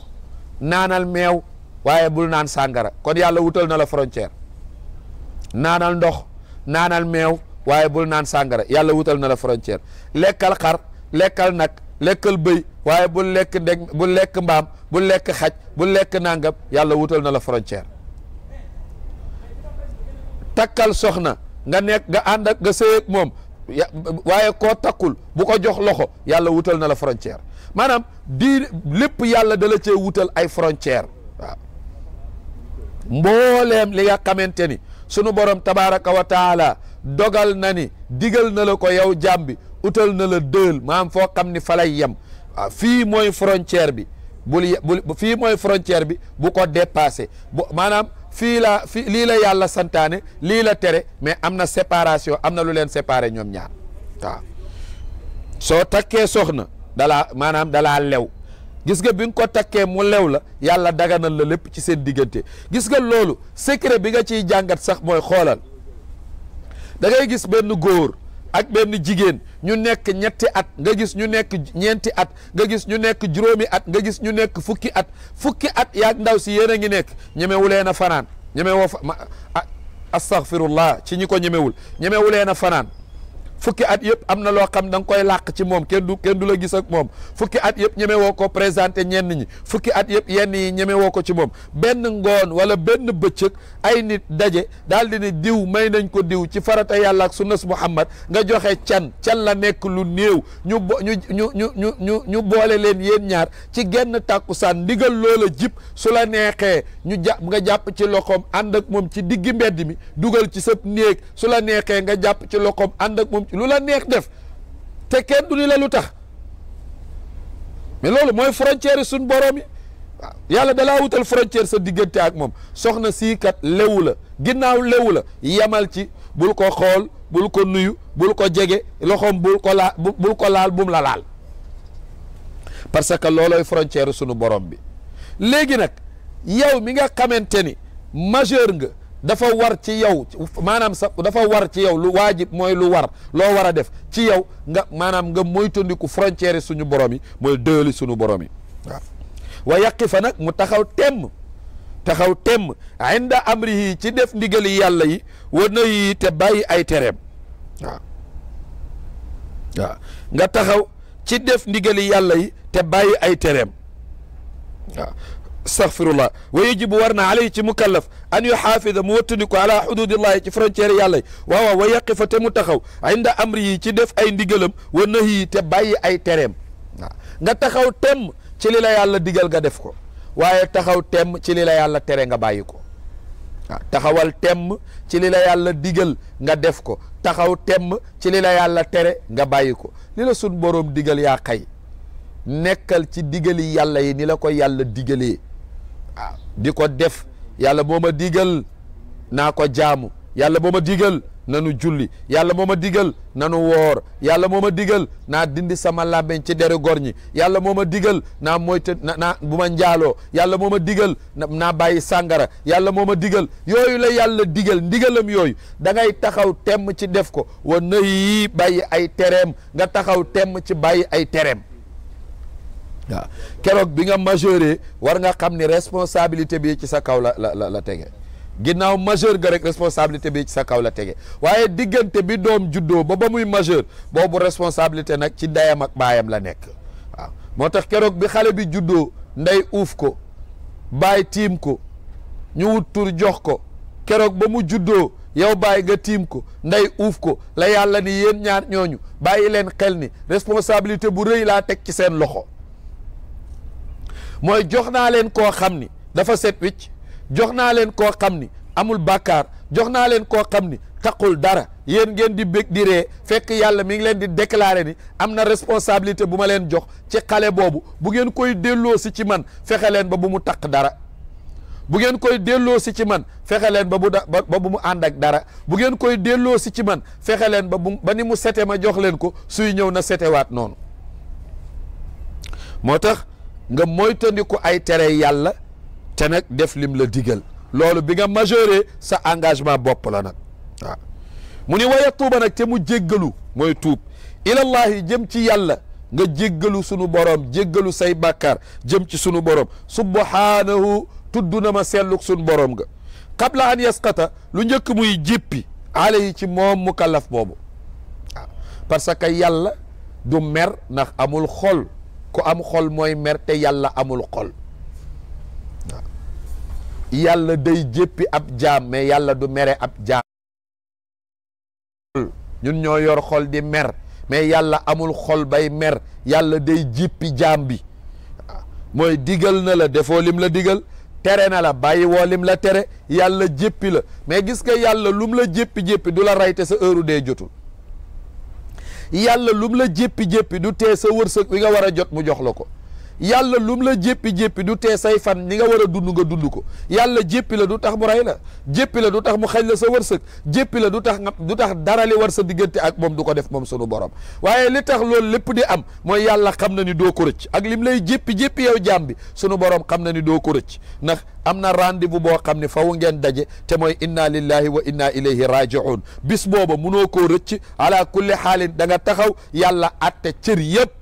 naanal meew waaye bul naan sàngara kon yàlla wutal na la frontière naanal ndox naanal meew waaye bul naan sàngara yàlla wutal na la frontière lekkal xar lekkal nag lekkal bëy waaye bul lekk ndeg bul lekk mbaam bul lekk xaj bul lekk nangam yàlla wutal na la frontière takkal soxna nga nekk nga ànd ak moom waaye koo takkul bu ko jox loxo yàlla wutal na la frontière maanaam diine lépp yàlla da la cee wutal ay frontière waaw mbooleem li nga sunu borom tabaraka wa dogal na ni digal na la ko yow jàmm bi utal na la dël maanaam foo xam ni falay yem ah, fii mooy frontière bi bul bul fii mooy frontière bi bu ko dépassé bu fii la fi lii la yàlla santaane lii la tere mais am na séparation am na lu leen séparé ñoom ñaar waaw soo takkee soxna dalaa maanaam dalaa lew gis nga bi nga ko takkee mu lew la yàlla daganal la lépp ci seen diggante gis nga loolu secret bi nga ciy jàngat sax mooy xoolal dangay gis benn góor ak benn jigéen ñu nekk ñetti at nga gis ñu nekk ñeenti at nga gis ñu nekk juróomi at nga gis ñu nekk fukki at fukki at yaag ndaw si yéen a ngi nekk ñemewuleen a fanaan ñemewoo fa astaghfirullah ci ñi ko ñemewul ñemewuleen a fanaan fukki at yëpp am na loo xam da nga koy làq ci moom kenn du kenn du la gis ak moom fukki at yëpp ñeme woo ko présenté ñenn ñi fukki at yëpp yenn yi ñeme woo ko ci moom benn ngoon wala benn bëccëg ay nit daje daal di ne diw may nañ ko diw ci farata yàlla ak su sunnas muhammad nga joxe can can la nekk lu néew ñu ñu ñu ñu ñu ñu ñu boole leen yéen ñaar ci genn tàkku tàkkusaan ndigal loola jib su la neexee ñu jàpp nga jàpp ci loxoom ànd ak moom ci diggi mbedd mi dugal ci sa néeg su la neexee nga jàpp ci loxoom ànd ak moom lu la neex def te kenn du ni la lu tax mais loolu mooy frontière suñ borom yi waaw yàlla dalaa wutal frontière sa diggante ak moom soxna sii kat lewu la ginnaaw lewu la yemal ci bul ko xool bul ko nuyu bul ko jege loxoom bul ko laal ko laal bum la laal parce que loolooy frontière sunu boroom bi léegi nag yow mi nga xamante ni majeur nga dafa war ci yow maanaam sa dafa war ci yow lu waajib mooy lu war loo war a def ci yow nga maanaam nga moytandiku frontière yi suñu borom yi mooy dëli suñu borom yi wa yàqi fa nag mu taxaw temm taxaw temm amri yi ci def ndiggali yàlla yi wa te bàyyi ay tereem waaw nga taxaw ci def ndigali yàlla yi te bàyyi ay tereem waaw astaghfirullah wa yajibu war na alayhi ci mukallaf an yuxaafida mu wattandiku ala xududillahi ci frontière yàlla wa waaw wa fa te mu taxaw inda amri yi ci def ay ndigalam wa nahi te bàyyi ay tereem nga taxaw tem ci li la yàlla digal nga def ko waaye taxaw tem ci li la yàlla tere nga bàyyi ko taxawal tem ci li la yàlla digal nga def ko taxaw tem ci li yàlla tere nga bàyyi ko li la sun boroom digal yaa xay nekkal ci digali yàlla yi ni la ko yàlla digalee di ko def yàlla moo ma digal naa ko jaamu yàlla moo ma digal nanu julli yàlla moo ma digal nanu woor yàlla moom ma digal naa dindi sama làmmiñ ci deru góor ñi yàlla moom ma digal naa moyte naa bu ma njaaloo yàlla moom ma digal naa bàyyi sangara yàlla moo ma digal yooyu la yàlla digal ndigalam yooyu dangay ngay taxaw temm ci def ko wa na yii bàyyi ay tereem nga taxaw temm ci bàyyi ay tereem waaw keroog bi nga majeure war nga xam ni responsabilité bi ci sa kaw la la la tege ginnaaw majeur ga rek responsabilité bi ci sa kaw la tege waaye diggante bi doom juddoo ba ba muy majeur boobu responsabilité nag ci ndeyam ak baayam la nekk waaw moo tax keroog bi xale bi juddoo ndey uuf ko baay tiim ko ñu wut tur jox ko keroog ba mu juddoo yow bàyyi nga tiim ko ndey uuf ko la yàlla ni yéen ñaar ñooñu bàyyi leen xel ni responsabilité bu rëy laa teg ci seen loxo mooy jox naa leen koo xam ni dafa set wicc jox naa leen koo xam ni amul bakkaar jox naa leen koo xam ni taqul dara yéen ngeen di bég di ree fekk yàlla mi ngi leen di déclarer ni am na responsabilité bu ma leen jox ci xale boobu bu ngeen koy delloo si ci man fexe leen ba bu mu taq dara bu ngeen koy delloo si ci man fexe leen ba bu da mu ànd ak dara bu ngeen koy delloo si ci man fexe leen ba bu ba mu sete ma jox leen ko suy ñëw na setewaat noonu moo tax nga moytandiku ay tere yàlla te nag def lim la digal loolu bi nga majoré sa engagement bopp la nag a mu ni waya tuuba nag te mu jéggalu mooy tuub ilallahi jëm ci yàlla nga jéggalu sunu borom jéggalu say bakkar jëm ci sunu borom subhanahu tudd na ma selluk sunu borom nga qabla an yasqata lu njëkk muy jéppi yi ci moom kallaf boobu waaw parce que yàlla du mer ndax amul xol ku am xol mooy mer te yàlla amul xol yàlla day jéppi ab jaam mais yàlla du mere ab jaam ñun ñoo yor xol di mer mais yàlla amul xol bay mer yàlla day jéppi jaam bi mooy digal na la defoo lim la digal tere na la bàyyi woo lim la tere yàlla jéppi la mais gis nga yàlla lum la jéppi jéppi du la rey te sa heure dee jotul yàlla lu la jéppi-jéppi du tee sa wërsëg wi nga war a jot mu jox la ko yàlla lum la jéppi-jéppi du tee say fan ni nga war a dund nga dund ko yàlla jéppi la du tax mu rey la jéppi la du tax mu xañ la sa wërsëg jéppi la du tax nga du tax dara li war sa diggante ak moom du ko def moom sunu borom waaye li tax loolu lépp di am mooy yàlla xam na ni doo ko rëcc ak lim lay jéppi-jéppi yow jaam sunu borom xam na ni doo ko rëcc ndax am na rendez-vous boo xam ne faw ngeen daje te mooy inna lillahi wa inna ilayhi rajiun bis booba munoo ko rëcc ala kulli xaalin taxaw yàlla atte cër yëpp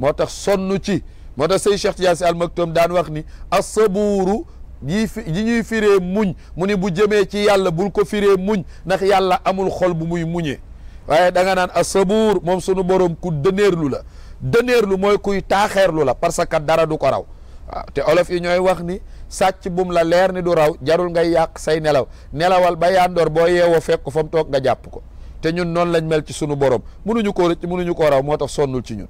moo tax sonn ci moo tax say Cheikh Tidiane Sy Al Maktoum daan wax ni a asabuuru yi fi yi ñuy firee muñ mu ni bu jëmee ci yàlla bul ko firee muñ ndax yàlla amul xol bu muy muñee waaye danga naan a asabuur moom sunu borom ku lu la lu mooy kuy taaxeerlu la parce que dara du ko raw waaw te olof yi ñooy wax ni sàcc bum la leer ni du raw jarul nga yàq say nelaw nelawal ba yandoor boo yeewoo fekk fa mu toog nga jàpp ko te ñun noonu lañ mel ci sunu borom munuñu koo rëcc munuñu koo raw moo tax sonnul ci ñun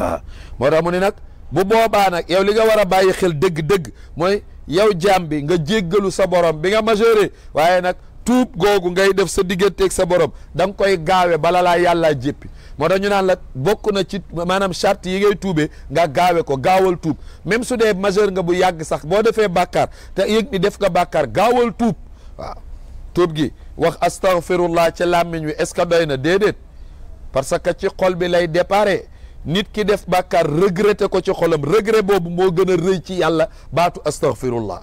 waaw ah. moo tax mu ne nag bu boobaa nag yow li nga war a bàyyi xel dëgg-dëgg mooy yow jaam bi nga jéggalu sa borom bi nga majeure waaye nag tuub googu ngay def sa digganteeg sa borom da koy gaawe bala laa yàllaa jéppi moo tax ñu naan la bokk na ci maanaam charte yi ngay tuubee nga gaawe ko gaawal tuub même su dee majeur nga bu yàgg sax boo defee bakkar te yëg ni def nga bàkkaar gaawal tuub waaw tuub gi wax astaghfirullah ci làmmiñ wi est ce que doy na déedéet parce que ci xol bi lay dépare nit ki def bàkkaar regretté ko ci xolam regret boobu moo gën a rëy ci yàlla baatu astaghfirullah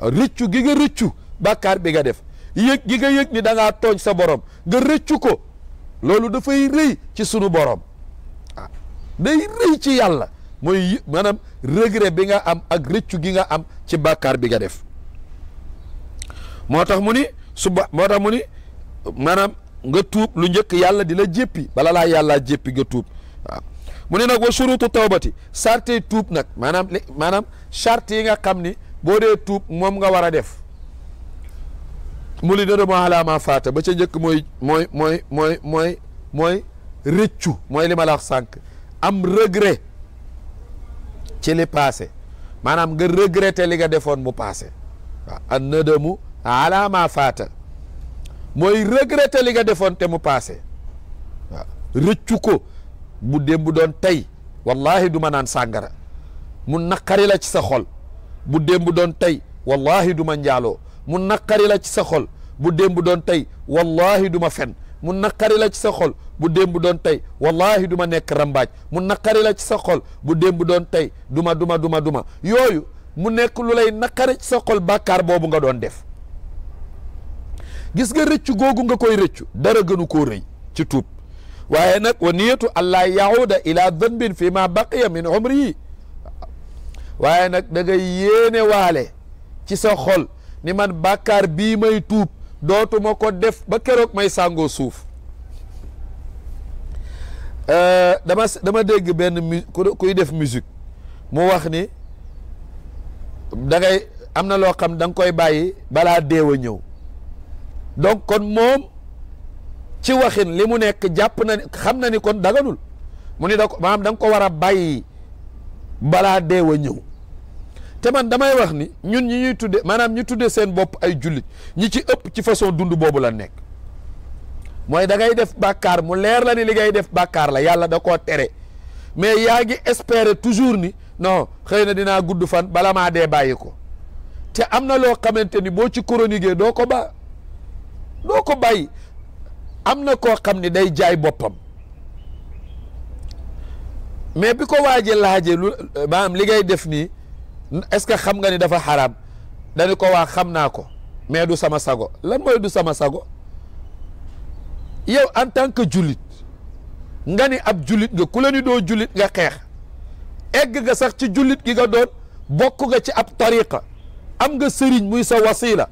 rëccu gi nga rëccu bàkkaar bi nga def yëg gi nga yëg ni da tooñ sa borom nga rëccu ko loolu dafay rëy ci sunu borom ah day rëy ci yàlla mooy maanaam regret bi nga am ak rëccu gi nga am ci bàkkaar bi nga def moo tax mu ni suba moo tax mu ni maanaam nga tuub lu njëkk yàlla dina la jéppi bala laa yàllaa jéppi nga tuub ah, mu ne nag wa surutu tawbati sarte tuub nag maanaam maanaam charte yi nga xam ni boo dee tuub moom nga war a def mu li dodo ma alaama faata ba ca njëkk mooy mooy mooy mooy mooy mooy rëccu mooy li ma la sànq am regret ci li passé maanaam nga regretté li nga defoon mu passé waaw an nadamu alaama faata mooy regretté li nga defoon te mu passé waaw ko bu demb doon tey wallahi du ma naan sàngara mu naqari la ci sa xol bu démb doon tey wallahi du ma njaaloo mu naqari la ci sa xol bu demb doon tey wallahi du ma fen mu naqari la ci sa bu démb doon tey wallahi du ma nekk rambaaj mu naqari la ci sa xol bu démb doon tey duma duma duma duma yooyu mu nekk lu lay naqari ci sa xol bàkkaar boobu nga doon def gis nga rëccu googu nga koy rëccu dara gënu koo rëy ci tuub waaye nag wa niyatu allah yahuda ila dhanbin fi ma baqiya min umri waaye nag da nga yéene waale ci sa xol ni man bàkkaar bii may tuub dootuma ko def ba keroog may sàngoo suuf euh, dama dama dégg benn mu kuy def musique mu wax ni da ngay am na loo xam da nga koy bàyyi balaa deew a ñëw donc kon moom ci waxin li mu nekk jàpp na xam na ni kon daganul mu ni da ko maanaam da nga ko war a bàyyi balaa deewa ñëw te man damay wax ni ñun ñu ñuy tudde maanaam ñu tudde seen bopp ay jullit ñi ci ëpp ci façon dund boobu la nekk mooy da ngay def bàkkaar mu leer la ni li ngay def bakkaar la yàlla da koo tere mais yaa espere toujours ni non xëy na dinaa gudd fan bala maa dee bàyyi ko te am na loo xamante ni boo ci chronique doo ko ba doo ko bàyyi am na koo xam ni day jaay boppam mais bi ko waaje laaje lu maanaam li ngay def nii est-ce que xam nga ni dafa xaraam dañu ko waa xam naa ko mais du sama sago lan du sama sago yow en tant que jullit nga ni ab jullit nga ku la ni doo jullit nga xeex egg nga sax ci jullit gi nga doon bokk nga ci ab tariqa am nga sëriñ muy sa wasila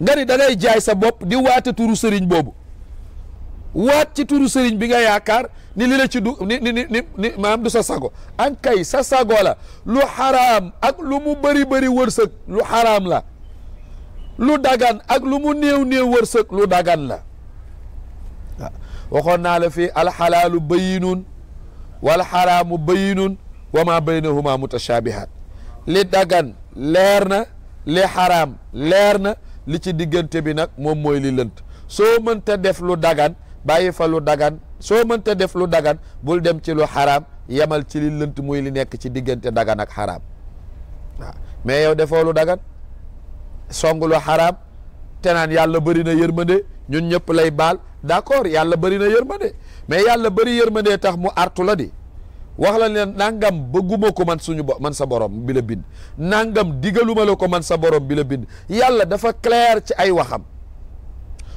nga ni da ngay jaay sa bopp di waate sëriñ boobu waat ci turu sëriñ bi nga yaakaar ni li la ci du ni ni du sa sago an kay sa sago la lu xaraam ak lu mu bëri bëri wërsëg lu xaraam la lu dagan ak lu mu néew néew wërsëk lu dagan la waxoon naa la fii alxalaalu bayinun wal xaraamu bayinun wa maa baynahuma mutashaabihaat li dagan leer na li xaraam leer na li ci diggante bi nag moom mooy li lënt soo mënta def lu dagan bàyyi fa lu dagan soo mënta def lu dagan bul dem ci lu xaraam yemal ci li lënt muy li nekk ci diggante dagan ak xaraam waaw mais yow defoo lu dagan song lu xaraam te naan yàlla bëri na yërmande ñun ñëpp lay baal d'accord yàlla bëri na yërmande mais yàlla bëri yërmande tax mu artu la di wax la leen nangam bëgguma ko man suñu man sa borom bi la bind nangam digaluma la ko man sa borom bi la bind yàlla dafa clair ci ay waxam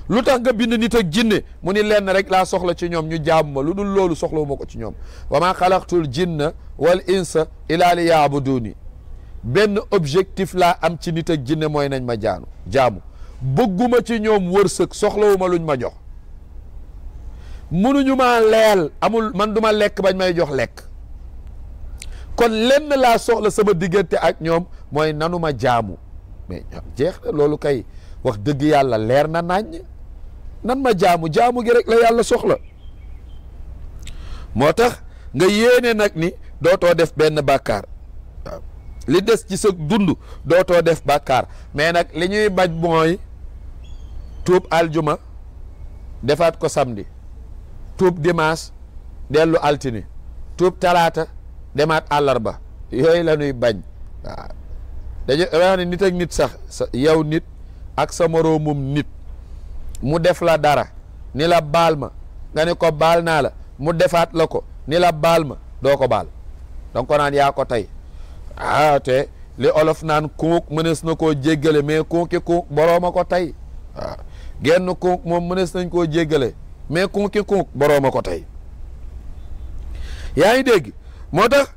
lu tax nga bind nit ak jinne mu ni lenn rek laa soxla ci ñoom ñu jaamu ma lu dul loolu soxlawuma ko ci ñoom wa maa xalaqtul jinna wal insa ilaa li ni benn objectif laa am ci nit ak jinne mooy nañ ma jaanu jaamu bëgguma ci ñoom wërsëg soxlawuma luñ ma jox mënuñu ma leel amul man du ma lekk bañ may jox lekk kon lenn laa soxla sama diggante ak ñoom mooy nanuma jaamu mais jeex na loolu kay wax dëgg yàlla leer na naññ nan ma jaamu jaamu gi rek la yàlla soxla moo tax nga yéene nag ni dootoo def benn bàkkaar li des ci sa dund dootoo def bàkkaar mais nag li ñuy bañ mooy tuub aljuma defaat ko samedi tuub dimanche dellu altine tuub talaata demaat àllarba yooyu la bañ waaw dañu wax nit ak nit sax sa yow nit ak sa moroomum nit mu def la dara ni la baal ma nga ne ko baal naa la mu defaat la ko ni la baal ma doo ko baal donc ko naan yaa ko tey ah te li olof naan kuuk mënees na koo jéggale mais kuuki kuuk boroom a ko tey ah. nañ koo jéggale mais kuuki kuuk boroom a ko tey yaa ngi dégg moo tax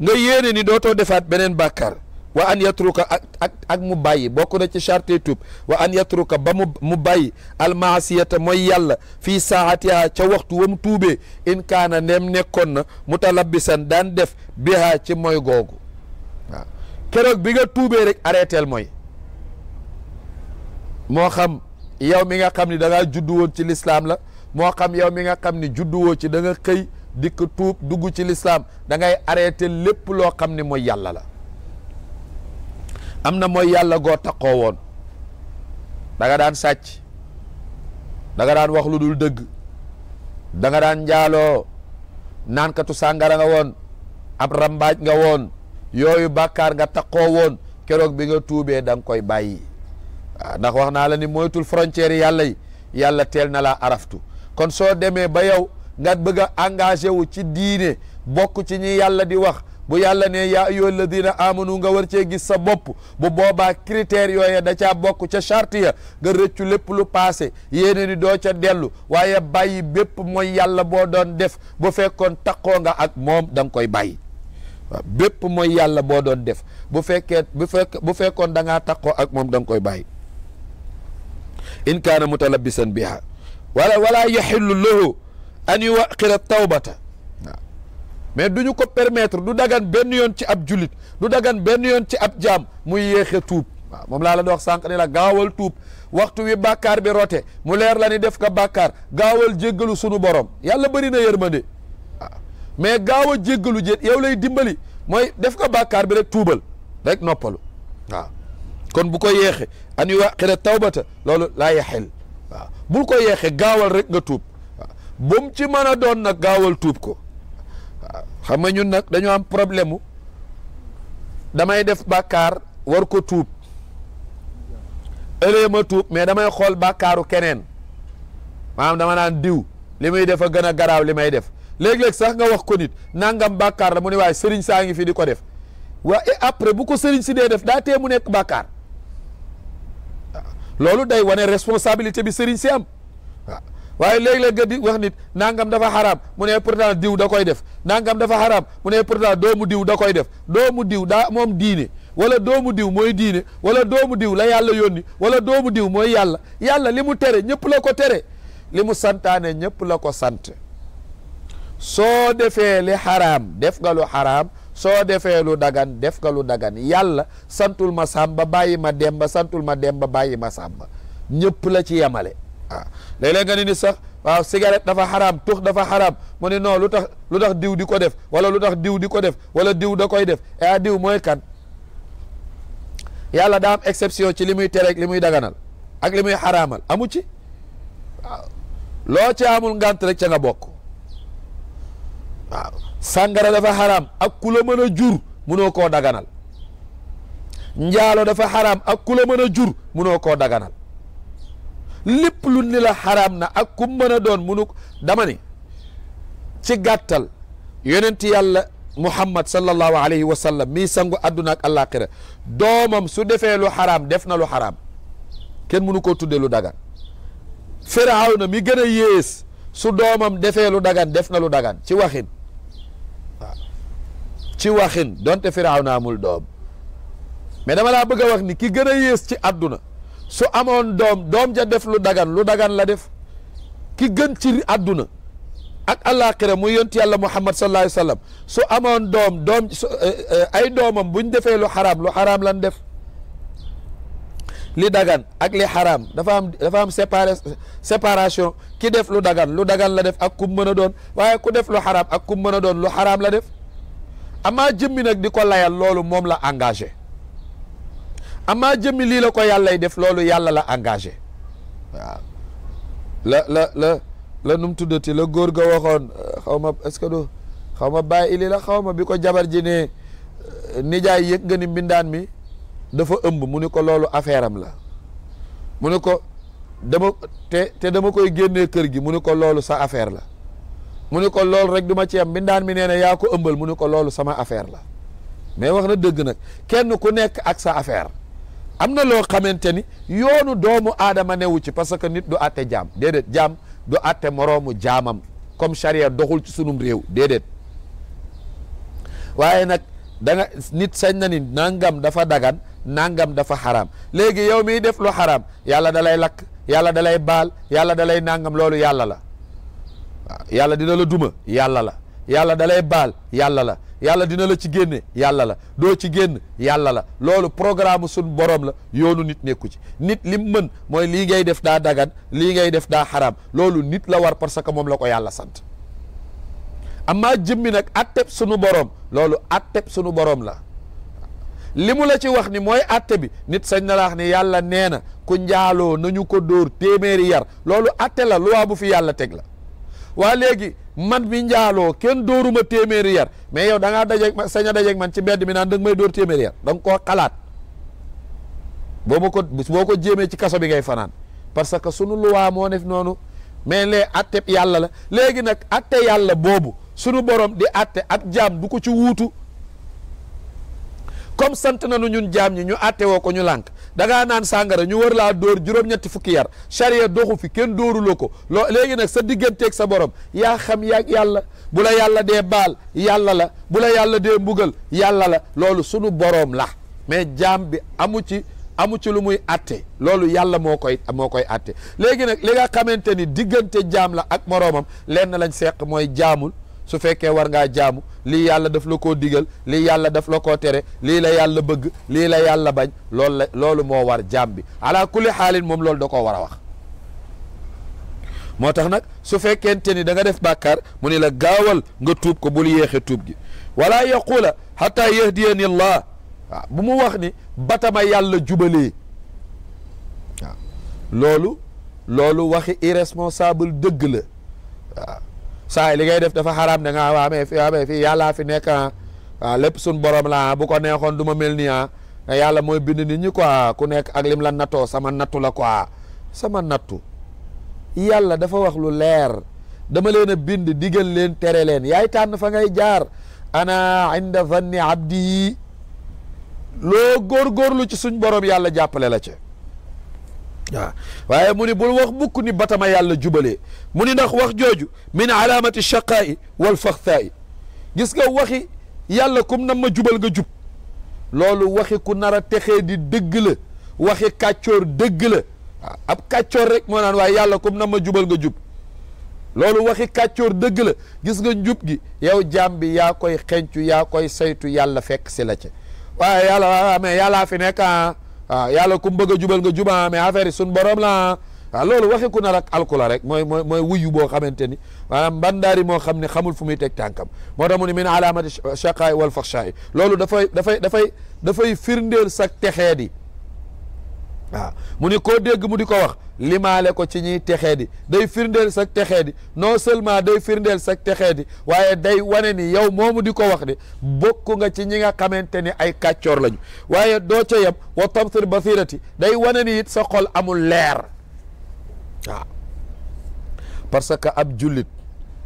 nga yéene ni dootoo defaat beneen bàkkaar wa an yatruka ak ak mu bàyyi bokk na ci charte tuub wa an yatruka ba mu mu bàyyi almaasiyata mooy yàlla fii saatiha ca waxtu wa mu tuubee in kaana nem nekkoon na mu mutalabisan daan def bihaa ci mooy googu waaw keroog bi nga tuubee rek arrêteel mooy moo xam yow mi nga xam ni da ngaa woon ci lislaam la moo xam yow mi nga xam ni juddu woo ci da nga xëy dikk tuub dugg ci lislaam dangay ngay arrêté lépp loo xam ni mooy yàlla la am na mooy yàlla goo takkoo woon da nga daan sàcc da nga daan wax lu dul dëgg danga daan njaaloo naankatu sàngara nga woon ab rambaaj nga woon yooyu bàkkaar nga takkoo woon keroog bi nga tuubee da koy bàyyi waaw ndax wax naa la ni moytul frontière yi yàlla yi yàlla teel na laa araftu kon soo demee ba yow nga bëgg a engagé wu ci diine bokk ci ñi yàlla di wax bu yàlla ne yaa ayyuha alladina amanu nga war cee gis sa bopp bu boobaa critères yooya da caa bokk ca charte ya nga rëccu lépp lu passé yéene ni doo ca dellu waaye bàyyi bépp mooy yàlla boo doon def bu fekkoon takkoo nga ak moom dang koy bàyyi bépp mooy yàlla boo doon def bu fekkee bu fekk bu fekkoon danga ngaa takkoo ak moom da koy bay in kaana bi biha wala wala yaxillu lahu an yuwaqira tawbata waaw mais du ñu ko permettre du dagan benn yoon ci ab julit du dagan benn yoon ci ab jaam muy yéexe tuub waaw moom laa la dox sànq ne la gaawal tuub waxtu wi bakkaar bi rote mu leer la ni def nga bàkkaar gaawal jéggalu sunu borom yàlla bëri na yërmande waaw mais gaaw a jéggalu jé yow lay dimbali mooy def nga bakkaar bi rek tuubal rek noppalu kon bu ko yeexe an yu waqira tawbata loolu laa yaxel ko yeexe gaawal rek nga tuub bu ci mën a doon nag gaawal tuub ko xam nga ñun nag dañoo am problème mu damay def bàkkaar war ko tuub ëllëgee ma tuub mais damay xool bakkaaru keneen maanaam dama naan diw li muy def a gën a garaaw li may def léeg-léeg sax nga wax ko nit nangam bàkkaar la mu ne waay sëriñ saa ngi fi di ko def waa et eh, après bu ko sëriñ si dee def daa tee mu nekk bàkkaar loolu day wane responsabilité bi sëriñ si am waaye léeg-léeg di wax nit nangam dafa xaraam mu ne pourtant diw da koy def nangam dafa xaraam mu ne pourtant doomu diw da koy def doomu diw daa moom diine wala doomu diw mooy diine wala doomu diw la yàlla yónni wala doomu diw mooy yàlla yàlla li mu tere ñëpp la ko tere li mu santaane ñëpp la ko sant soo defee li xaraam def nga lu soo defeelu dagan def nga lu dagan yàlla santul ma sàmba bàyyi ma demba santul ma demba bàyyi ma sàmba ñëpp la ci yemale ah léeg-léeg nga ne sax waaw cigarette dafa xaraam tux dafa xaraam mu ne non lu tax lu tax diw di ko def wala lu tax diw di ko def wala diw da koy def eh, ah diw mooy kan yàlla daa am exception ci li muy tere ak li muy daganal ak li muy xaraamal amu ci waaw loo ci amul ngànt ca nga bokk waaw sàngara dafa xaraam ak ku la mën a jur munoo koo daganal njaalo dafa xaraam ak ku la mën a jur munoo koo daganal lépp lu ni la xaraam na ak ku mën doon munu dama ni ci gàttal yonent yàlla muhammad sallallahu alayhi wa sallam mii sangu àdduna ak àllaaxira doomam su defee lu xaraam def na lu xaraam kenn munu ko tudde lu dagan firawna mi gën a su doomam defee lu dagan def na lu dagan ci waxin waaw ci waxin donte firawna amul doom mais dama laa bëgg a ni ki gën a yées ci àdduna su amoon doom doom ja def lu dagan lu dagan la def ki gën ci àdduna ak àllaaxira mu yonti yàlla muhammad sallallahu alayhi wa sallam su amoon doom doom eh, eh, ay doomam buñ defee lu xaraam lu xaraam lan def li dagan ak li xaraam dafa am dafa am séparé séparation ki def lu dagan lu dagan la def ak kum mën a doon waaye ku def lu xaraam ak kum mën a doon lu xaraam la def amaa jëmmi nag di ko layal loolu moom la engagé amaa jëmmi lii la ko yàllay def loolu yàlla la engage waaw la la la la nu mu tuddati la góor ga waxoon euh, xawma ma est que du xaw ma bàyyi ili la xaw ma bi ko jabar ji ne euh, nijaay yëg nga ni mbindaan mi dafa ëmb mu ni ko loolu affaire am la mu ni ko dama te te dama koy génnee kër gi mu ni ko loolu sa affaire la mu ni ko loolu rek du ma ci am mbindaan mi nee na yaa ko ëmbal mu ni ko loolu sama affaire la mais wax na dëgg nag kenn ku nekk ak sa affaire am na loo xamante ni yoonu doomu aadama newu ci parce que nit du àtte jaam déedéet jaam du àtte moroomu jaamam comme charia dogul ci sunum réew déedéet waaye nag da nit sañ na ni nangam dafa dagan nangam dafa xaraam léegi yow miy def lu xaraam yàlla da lay lakk yàlla da lay baal yàlla da lay nangam loolu yàlla la waaw yàlla dina la duma yàlla la yàlla da lay baal yàlla la yàlla dina la ci génne yàlla la doo ci génn yàlla la loolu programme suñ borom la yoonu nit nekku ci nit lim mën mooy lii ngay def daa dagan lii ngay def daa xaraam loolu nit la war parce que moom la ko yàlla sant amaa jëmmi nag atteb sunu borom loolu atteb sunu boroom la limu la ci wax ni mooy atte bi nit sañ na la ni yàlla nee na ku njaaloo nañu ko dóor téeméeri yar loolu atte la loi fi yàlla teg la waa léegi man mi njaaloo kenn dooruma téeméeri yar mais yow da ngaa dajeeg ma sañ a man ci mbedd mi naan dang may dóor téeméeri yar da nga koo xalaat boo ma ko boo ko jéemee ci kaso bi ngay fanaan parce que sunu luwaa moo def noonu mais lee atte yàlla la léegi nag atte yàlla boobu sunu borom di atte ab jaam du ko ci wuutu comme sant nañu ñun jaam ñi ñu àttewoo ko ñu lànk dangaa naan sàngara ñu war laa dóor juróom-ñetti fukki yar charia doxu fi kenn dóoruloo ko loo léegi nag sa digganteeg sa borom yaa xam yaag yàlla bu la yàlla dee baal yàlla la bu la yàlla dee mbugal yàlla la loolu sunu borom la mais jaam bi amu ci amu ci lu muy atte loolu yàlla moo koy moo koy atte léegi nag li nga xamante ni diggante jaam la ak moroomam lenn lañ seq mooy jaamul su fekkee war ngaa jaamu lii yàlla daf la koo digal lii yàlla daf la koo tere lii la yàlla bëgg lii la yàlla bañ loolu loolu moo war jaam bi ala kulli xaalin moom loolu da koo war a wax moo tax nag su fekkente ni da nga def bàkkaar mu ni la gaawal nga tuub ko bul yéexe tuub gi walaa yaquula xataa yahdiyani allah bu mu wax ni batama yàlla jubalee waaw loolu loolu waxi irresponsable dëgg la saa li ngay def dafa xaraam da ngaa waamee fi waamee fii yàllaa fi nekk ah. waaw lépp suñ borom la ah. bu ko neexoon du mel nii ah yàlla mooy bind ni ñi quoi ku nekk ak lim la nattoo sama nattu la ko a sama nattu yàlla dafa wax lu leer dama leen a bind digal leen tere leen yaay tànn fa ngay jaar ana inda vanni abdi yi loo góorgóorlu ci suñ borom yàlla jàppale la ca waaw waaye mu ni bul wax bukk ni batama yàlla jubale mu ni ndax wax jooju min alaamati shaqaa'i wal faxtaa'i gis nga waxi yàlla kum nam ma jubal nga jub loolu waxi ku nar a texee di dëgg la waxi kàccoor ab kàccoor rek moo naan waaye yàlla kum nam ma jubal nga jub loolu waxi kàccoor dëgg la gis nga njub gi yow jaam bi yaa koy xencu yaa koy saytu yàlla fekk sila la ca waaye yàlla fi nekk ah. waaw ah, yàlla ku mu bëgg a jubal nga jubaa mais affaire yi suñ borom la waaw ah, loolu waxi ku na ak alkula rek mooy mooy mooy wuyu boo xamante ni maanaam bandaari moo xam ne xamul fu muy teg tànkam moo tax mu ne min alaamati chaqaay wal faxchaay loolu dafay dafay dafay dafay firndeel sa texee di waaw mu ni koo dégg mu di ko wax limaale ko ci ñuy texee di day firndeel sak texe di noo seulement day firndeel sak texee di waaye day wane ni yow moomu di ko wax di bokk nga ci ñi nga xamante ni ay kàccoor lañu waaye doo ca yem wa tamtir basirati day wane ni it sa xol amul leer waaw parce que ab jullit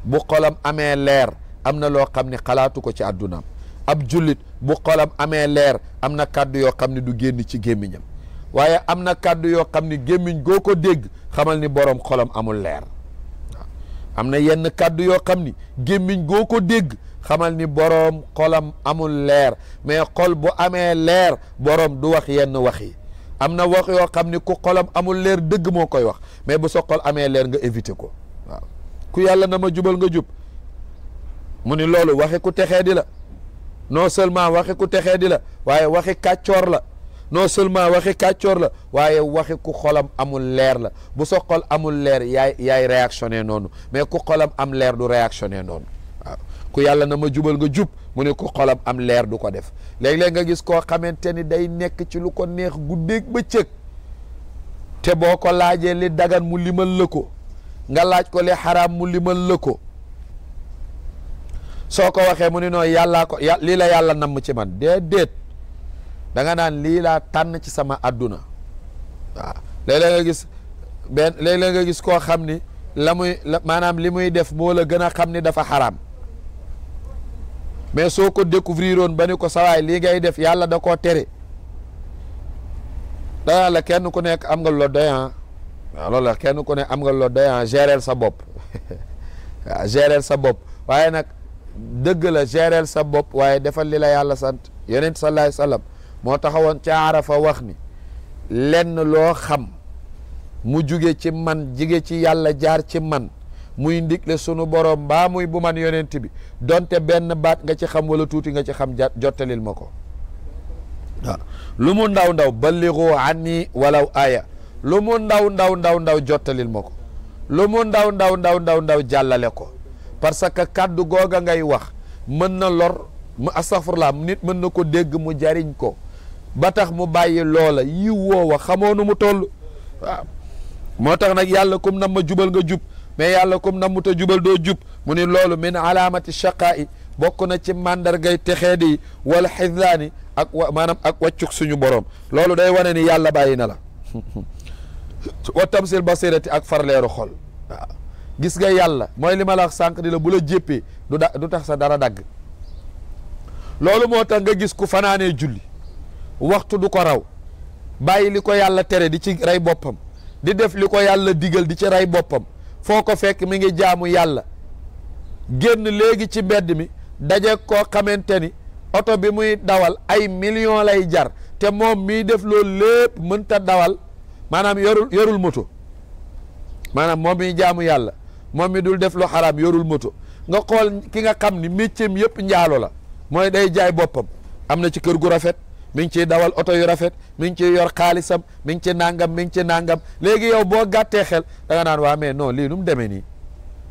bu xolam amee leer am na loo xam ne xalaatu ko ci àddunaam ab jullit bu xolam amee leer am na kàddu yoo xam ne du génn ci gémmiñam waaye am na kàddu yoo xam ni gémmiñ goo ko dégg xamal ni boroom xolam amul leer am na yenn kàddu yoo xam ni gémmiñ goo ko dégg xamal ni boroom xolam amul leer mais xol bu amee leer boroom du wax yenn wax yi am na wax yoo xam ni ku xolam amul leer dëgg moo koy wax mais bu sa xol amee leer nga éviter ko waaw ku yàlla na ma jubal nga jub mu ni loolu waxi ku texee di la non seulement waxi ku texee di la waaye waxi kàccoor la non seulement waxi kàccoor la waaye waxi ku xolam amul leer la bu sa xol amul leer yaay yaay réactionné noonu mais ku xolam am leer du réactionné noonu waaw ku yàlla na ma jubal nga jub mu ne ku xolam am leer du ko def léeg-léeg nga gis koo xamante ni day nekk ci lu ko neex ba bëccëg te boo ko laajee li dagan mu limal la ko nga laaj ko li xaraam mu limal la ko soo ko waxee mu ne noonu yàllaa ko lii la yàlla namm ci man déedéet da nga naan lii laa tànn ci sama àdduna waaw léeg nga gis benn léeg nga gis koo xam ni la muy maanaam li muy def moo la gën a xam ni dafa xaraam mais soo ko découvrir woon ba ni ko sawaay lii ngay def yàlla da koo tere danaa la kenn ku nekk am nga lo doyan ah. waaw kenn ku ne am nga lo doyan ah. sa bopp waaw sa bopp waaye nag dëgg la gérer sa bopp waaye defal li la yàlla sant yeneen sallallahu alayhi moo taxawoon ca Arafa wax ni lenn loo xam mu juge ci man jige ci yàlla jaar ci man muy ndigle sunu borom mbaa muy bu man yonent bi donte benn baat nga ci xam wala tuuti nga ci xam jottalil ma ko lu mu ndaw ndaw balligu anni aya lu mu ndaw ndaw ndaw ndaw jottalil ma ko lu mu ndaw ndaw ndaw ndaw ndaw jàllale ko parce que kàddu googa ngay wax mën na lor asafurlaa nit mën na ko dégg mu jariñ ko ba tax mu bàyyi loola yi woowa xamoo nu mu toll moo tax nag yàlla kum nam ma jubal nga jub mais yàlla kum nam mu ta jubal doo jub mu ni loolu min alaamati shaqaa'i bokk na ci màndargay texee di wal xidaani ak wa maanaam ak wàccuk suñu borom loolu day wane ni yàlla bàyyi na la wa tamsil basirati ak farleeru xol gis nga yàlla mooy li ma la wax sànq di la bu la jéppee du da du tax sa dara dagg loolu moo tax nga gis ku fanaanee julli waxtu du ko raw bàyyi li ko yàlla tere di ci ray boppam di def li ko yàlla digal di ci ray boppam foo ko fekk mi ngi jaamu yàlla génn léegi ci mbedd mi daje koo xamante ni oto bi muy dawal ay million lay jar te moom miy def loolu lépp mënta dawal maanaam yorul yorul moto maanaam moom miy jaamu yàlla moom mi dul def lu xaraam yorul moto nga xool ki nga xam ni métier yëpp njaalo la mooy day jaay boppam am na ci kër gu rafet mi ngi ciy dawal oto yu rafet mi ngi ciy yor xaalisam mi ngi ci nangam mi ngi ci nangam léegi yow boo gàttee xel da nga naan waa mais non lii nu mu demee nii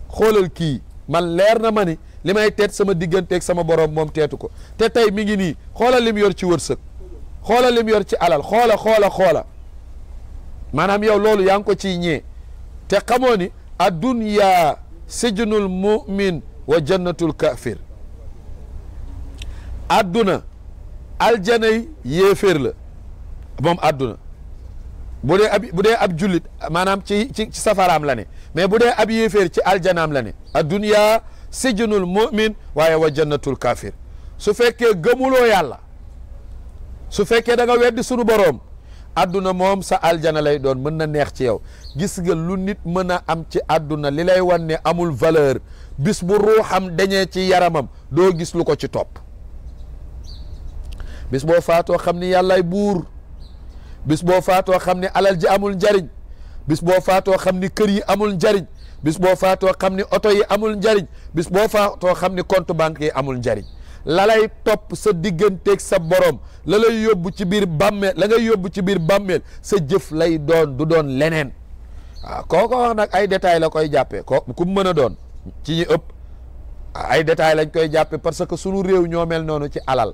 xoolal kii man leer na ma ni li may teet sama digganteeg sama borom moom teetu ko te tey mi ngi nii xoolal lim yor ci wërsëg xoolal lim yor ci alal xoola xoola xoola maanaam yow loolu yaa ngi ko ciy ñee te xamoo ni adduniya sijnul mumin wa jannatul kafir adduna aljana yi la moom àdduna bu dee ab bu dee ab jullit maanaam ci ci safaraam la ne mais bu dee ab yéeféer ci aljanaam la ne adduniya sijnul mu'min waaye wa jannatul kafir su fekkee gëmuloo yàlla su fekkee danga nga weddi sunu boroom adduna moom sa aljana lay doon mën na neex ci yow gis nga lu nit mën a am ci adduna li lay wan ne amul valeur bis bu ruuxam dañee ci yaramam doo gis lu ko ci topp bis boo faatoo xam ni yàllaay buur bis boo faatoo xam ni alal ji amul njariñ bis boo faatoo xam ni kër yi amul njariñ bis boo faatoo xam ni oto yi amul njariñ bis boo faa too xam ni compte banque yi amul njariñ la lay topp sa digganteeg sa borom la lay yóbbu ci biir bàmmeel la ngay yóbbu ci biir bàmmeel sa jëf lay doon du doon leneen waaw kooko wax nag ay détails la koy jàppee ko ku mën a doon ci ëpp ay détails lañ koy jàppee parce que sunu réew ñoo mel noonu ci alal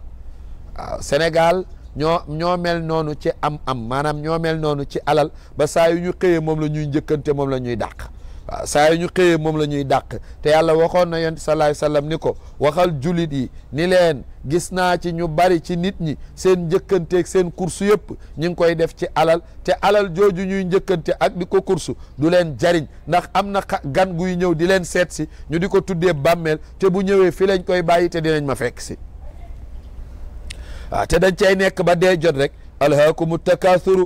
Sénégal ñoo ñoo mel noonu ci am-am maanaam ñoo mel noonu ci alal ba saa yu ñu xëyee moom la ñuy njëkkante moom la ñuy dàq. saa yu ñu xëyee moom la ñuy dàq te yàlla waxoon na yonent salaay sallam ni ko waxal julit yi ni leen gis naa ci ñu bari ci nit ñi seen njëkkanteeg seen kursu yëpp ñu ngi koy def ci alal te alal jooju ñuy njëkkante ak di ko kursu du leen jariñ ndax am na gan guy ñëw di leen seet si ñu di ko tuddee bàmmeel te bu ñëwee fi lañ koy bàyyi te dinañ ma fekk si waaw ah, te dañ cay nekk ba dee jot rek alhaakumu takathuru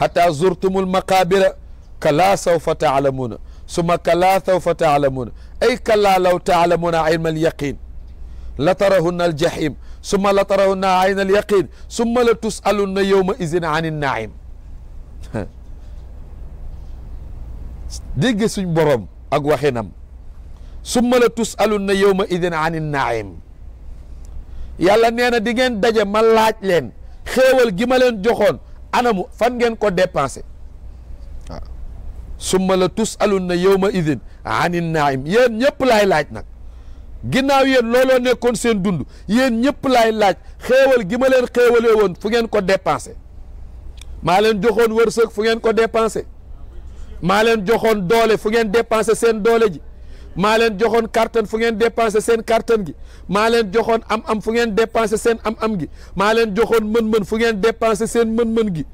hatta zurtumul maqaabira kalaa sawfa taalamuuna suma kalaa sawfa taalamuuna ay kalaa law taalamuuna ilma alyaqin la tarahunna aljahim suma la tarahunna ayna alyaqin suma la tusalunna yowma izin an innaim dégg suñ borom ak waxinam suma la tusalunna yowma izin an innaim yàlla nee na di ngeen daje ma laaj leen xéewal gi ma leen joxoon anamu fan ngeen ko dépensé waaw summa la tus alun na yow ma idin anin naim yéen ñëpp laay laaj nag ginnaaw yéen looloo nekkoon seen dund yéen ñëpp laay laaj xéewal gi ma leen xéewalee woon fu ngeen ko dépensé maa leen joxoon wërsëg fu ngeen ko dépensé maa leen joxoon doole fu ngeen dépensé seen doole ji maa leen joxoon carton fu ngeen dépensé seen carton gi maa leen joxoon am-am fu ngeen dépensé seen am-am gi maa leen joxoon mën-mën fu ngeen dépensé seen mën-mën gi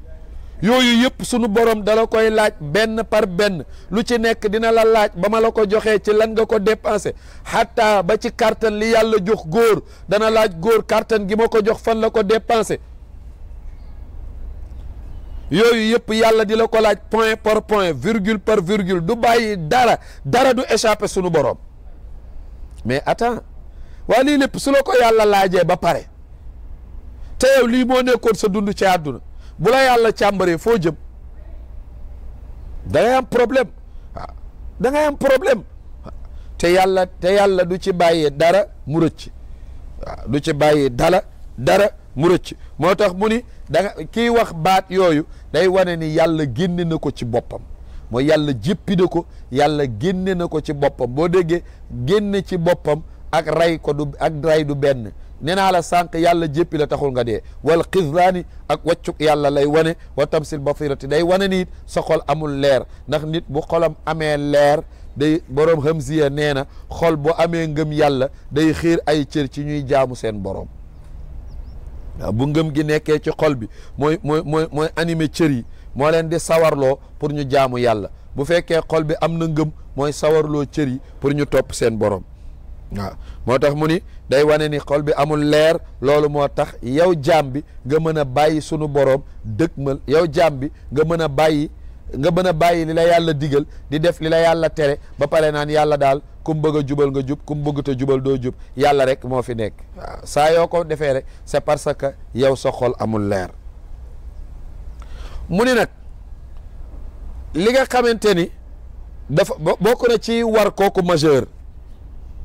yooyu yëpp sunu borom dala koy laaj benn par benn lu ci nekk dina la laaj ba ma la ko joxee ci lan nga ko dépensé xataa ba ci carton li yàlla jox góor dana laaj góor carton gi ma ko jox fan la ko dépensé. yooyu yëpp yàlla di la ko laaj point par point virgule par virgule du bàyyi dara dara du échappé sunu borom mais attends waa lii lépp su la ko yàlla laajee ba pare te yow lii moo nekkoon sa dund ci àdduna bu la yàlla càmbaree foo jëm da ngay am problème waaw am problème te yàlla te yàlla du ci bàyyee dara mu rëcc ci bàyyee dara dara mu moo tax mu ni da nga kiy wax baat yooyu day wane ni yàlla génne na ko ci boppam mooy yàlla jéppi na ko yàlla génne na ko ci boppam boo déggee génne ci boppam ak rey ko du ak rey du benn nee naa la sànq yàlla jéppi la taxul nga dee wal xizlaani ak wàccuk yàlla lay wane wa tamsil basirati day wane ni sa xol amul leer ndax nit bu xolam amee leer day borom hamziya nee na xol bu amee ngëm yàlla day xiir ay cër ci ñuy jaamu seen borom. waaw bu ngëm gi nekkee ci xol bi mooy mooy mooy mooy animé cër yi moo leen di sawarloo pour ñu jaamu yàlla bu fekkee xol bi am na ngëm mooy sawarloo cër yi pour ñu topp seen borom waaw moo tax mu ni day wane ni xol bi amul leer loolu moo tax yow jaam bi nga mën a bàyyi sunu borom dëgmal yow jaam bi nga mën a bàyyi nga mën a bàyyi li la yàlla digal di def li la yàlla tere ba pare naan yàlla daal ku mu bëgg a jubal nga jub ku mu jubal doo jub yàlla rek moo fi nekk waaw saa yoo ko defee rek c'est parce que yow sa xol amul leer mu ni nag li nga xamante ni dafa bokk na ci war kooku majeur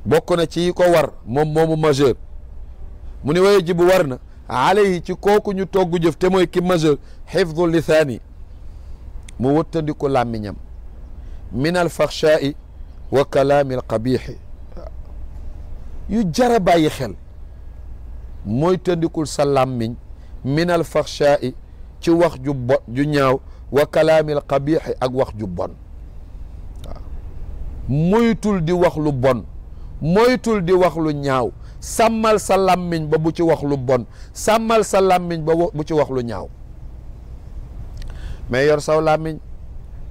bokk na ci ko war moom moomu majeur mu ni waye jibu war na alayhi ci kooku ñu togg jëf te mooy ki majeur xifdu lisaani mu wëttandiku làmmiñam min al faxshaa'i wa kalaamil qabiixi yu jara bàyyi xel mooy tëndikul sa làmmiñ minal faxshaa'i ci wax ju bo ju ñaaw wa kalaamil qabiixi ak wax ju bon waaw moytul di wax lu bon moytul di wax lu ñaaw sàmmal sa làmmiñ ba bu ci wax lu bon sàmmal sa làmmiñ ba bu ci wax lu ñaaw mais yor saw làmmiñ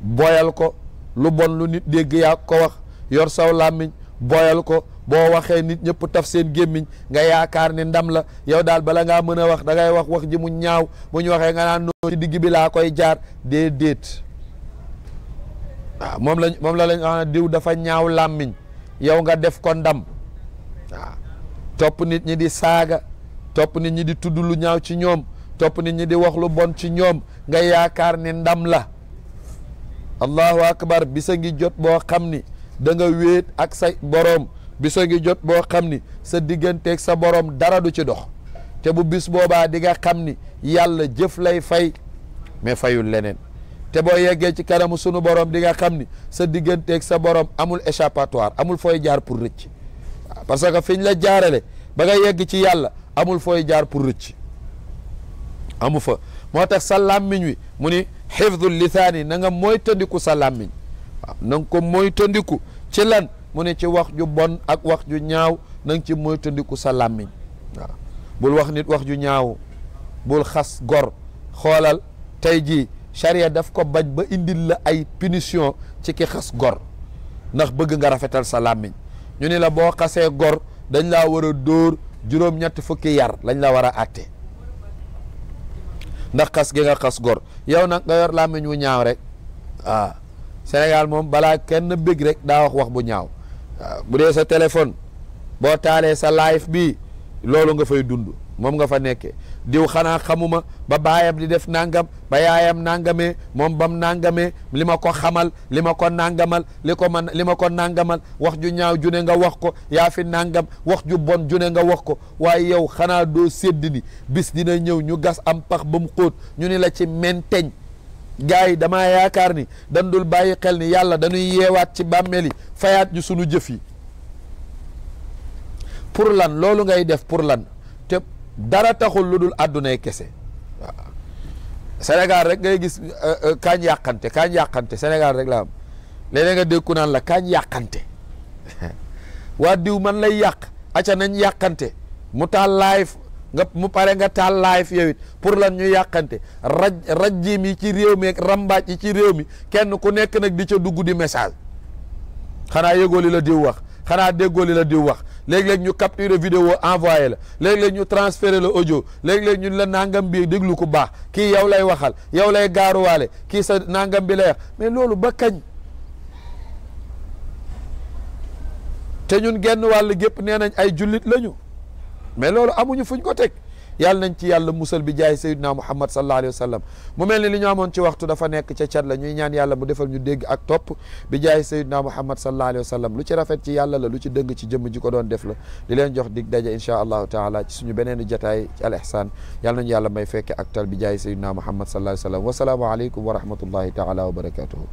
boyal ko lu bon lu nit dégg yaa ko wax yor saw làmmiñ boyal ko boo waxee nit ñëpp taf seen gémmiñ nga yaakaar ne ndam la yow daal bala ngaa mën a wax dangay wax wax ji mu ñaaw bu ñu waxee nga naan noo ci digg bi laa koy jaar déedéet waaw moom lañ moom la lañ wax diw dafa ñaaw làmmiñ yow nga def ko ndam waaw topp nit ñi di saaga topp nit ñi di tudd lu ñaaw ci ñoom topp nit ñi di wax lu bon ci ñoom nga yaakaar ne ndam la allahu akbar bisa ngi jot boo xam ni da nga wéet ak sa boroom bis a jot boo xam ni sa digganteeg sa boroom dara du ci dox te bu bis boobaa di nga xam ni yàlla jëf lay fay mais fayul leneen te boo yeggee ci kanamu sunu boroom di nga xam ni sa digganteeg sa boroom amul échappatoire amul fooy jaar pour rëcc parce que fiñ la jaarale ba nga yegg ci yàlla amul fooy jaar pour rëcc amu fa moo tax sa làmmiñ wi mu ni xifdul lisaani na mooy tëndiku sa làmmiñ waaw na nga mooy tëndiku ci lan mu ne ci wax ju bon ak wax ju ñaaw na ci moytandiku sa làmmiñ bul wax nit wax ju ñaaw bul xas gor xoolal tey jii charia daf ko bañ ba indil la ay punition ci ki xas gor ndax bëgg nga rafetal sa làmmiñ ñu ni la boo xasee gor dañ laa war a dóor juróom-ñetti fukki yar lañ la war a àtte ndax xas gi nga xas gor yow nag nga yor làmmiñ wu ñaaw rek ah Sénégal moom balaa kenn bëgg rek daa wax wax bu ñaaw bu dee sa téléphone boo taalee sa live bi loolu nga fay dund moom nga fa nekkee diw xanaa xamuma ba baayam di def nangam ba yaayam nangamee moom bam nangamee li ma ko xamal li ma ko nangamal li ko man li ma ko nangamal wax ju ñaaw ju ne nga wax ko yaa fi nangam wax ju bon ju ne nga wax ko waaye yow xanaa doo sedd ni bis dina ñëw ñu gas am pax ba mu xóot ñu ni la ci menteñ gars yi damaa yaakaar ni dan dul bàyyi xel ni yàlla dañuy yeewaat ci bàmmeel yi fayaat ñu sunu jëfi yi pour lan loolu ngay def pour lan te dara taxul lu dul àddunay kese senegal rek ngay gis euh, euh, kaañ yàqante kaañ yàqante Sénégal rek la am léeg nga dégg la kaañ yàqante waa diw man lay yàq aca nañ yàqante mu taal live nga mu pare nga taal live yow it pour lan ñu yàqante raj rajjim yi ci réew mi rambaaj yi ci réew mi kenn ku nekk nag di ca dugg di message xanaa yëgoo li la diw wax xanaa déggoo li la diw wax léeg-léeg ñu capture vidéo envoyé la léeg-léeg ñu transféré la audio léeg-léeg ñu la nangam bi déglu ku baax kii yow lay waxal yow lay gaaruwaale kii sa nangam bi lay wax mais loolu ba kañ te ñun genn wàll gépp nee nañ ay jullit lañu mais loolu amuñu fuñ ko teg yàlla nañ ci yàlla musal bi jaay sayyidina muhammad sallallahu alayhi wa sallam mu mel ni li ñu amoon ci waxtu dafa nekk ca cat la ñuy ñaan yàlla mu defal ñu dégg ak topp bi jaay sayyidina muhammad sallallahu alayhi wa sallam lu ci rafet ci yàlla la lu ci dëng ci jëmm ji ko doon def la di leen jox dig daje insha allahu taala ci suñu beneen jataay ci al ihsan yàlla nañu yàlla may fekke ak tal bi jaay sayyidina muhammad sallallahu alayhi wa sallam wasalaamu aleykum wa rahmatullahi taala wa barakatuhu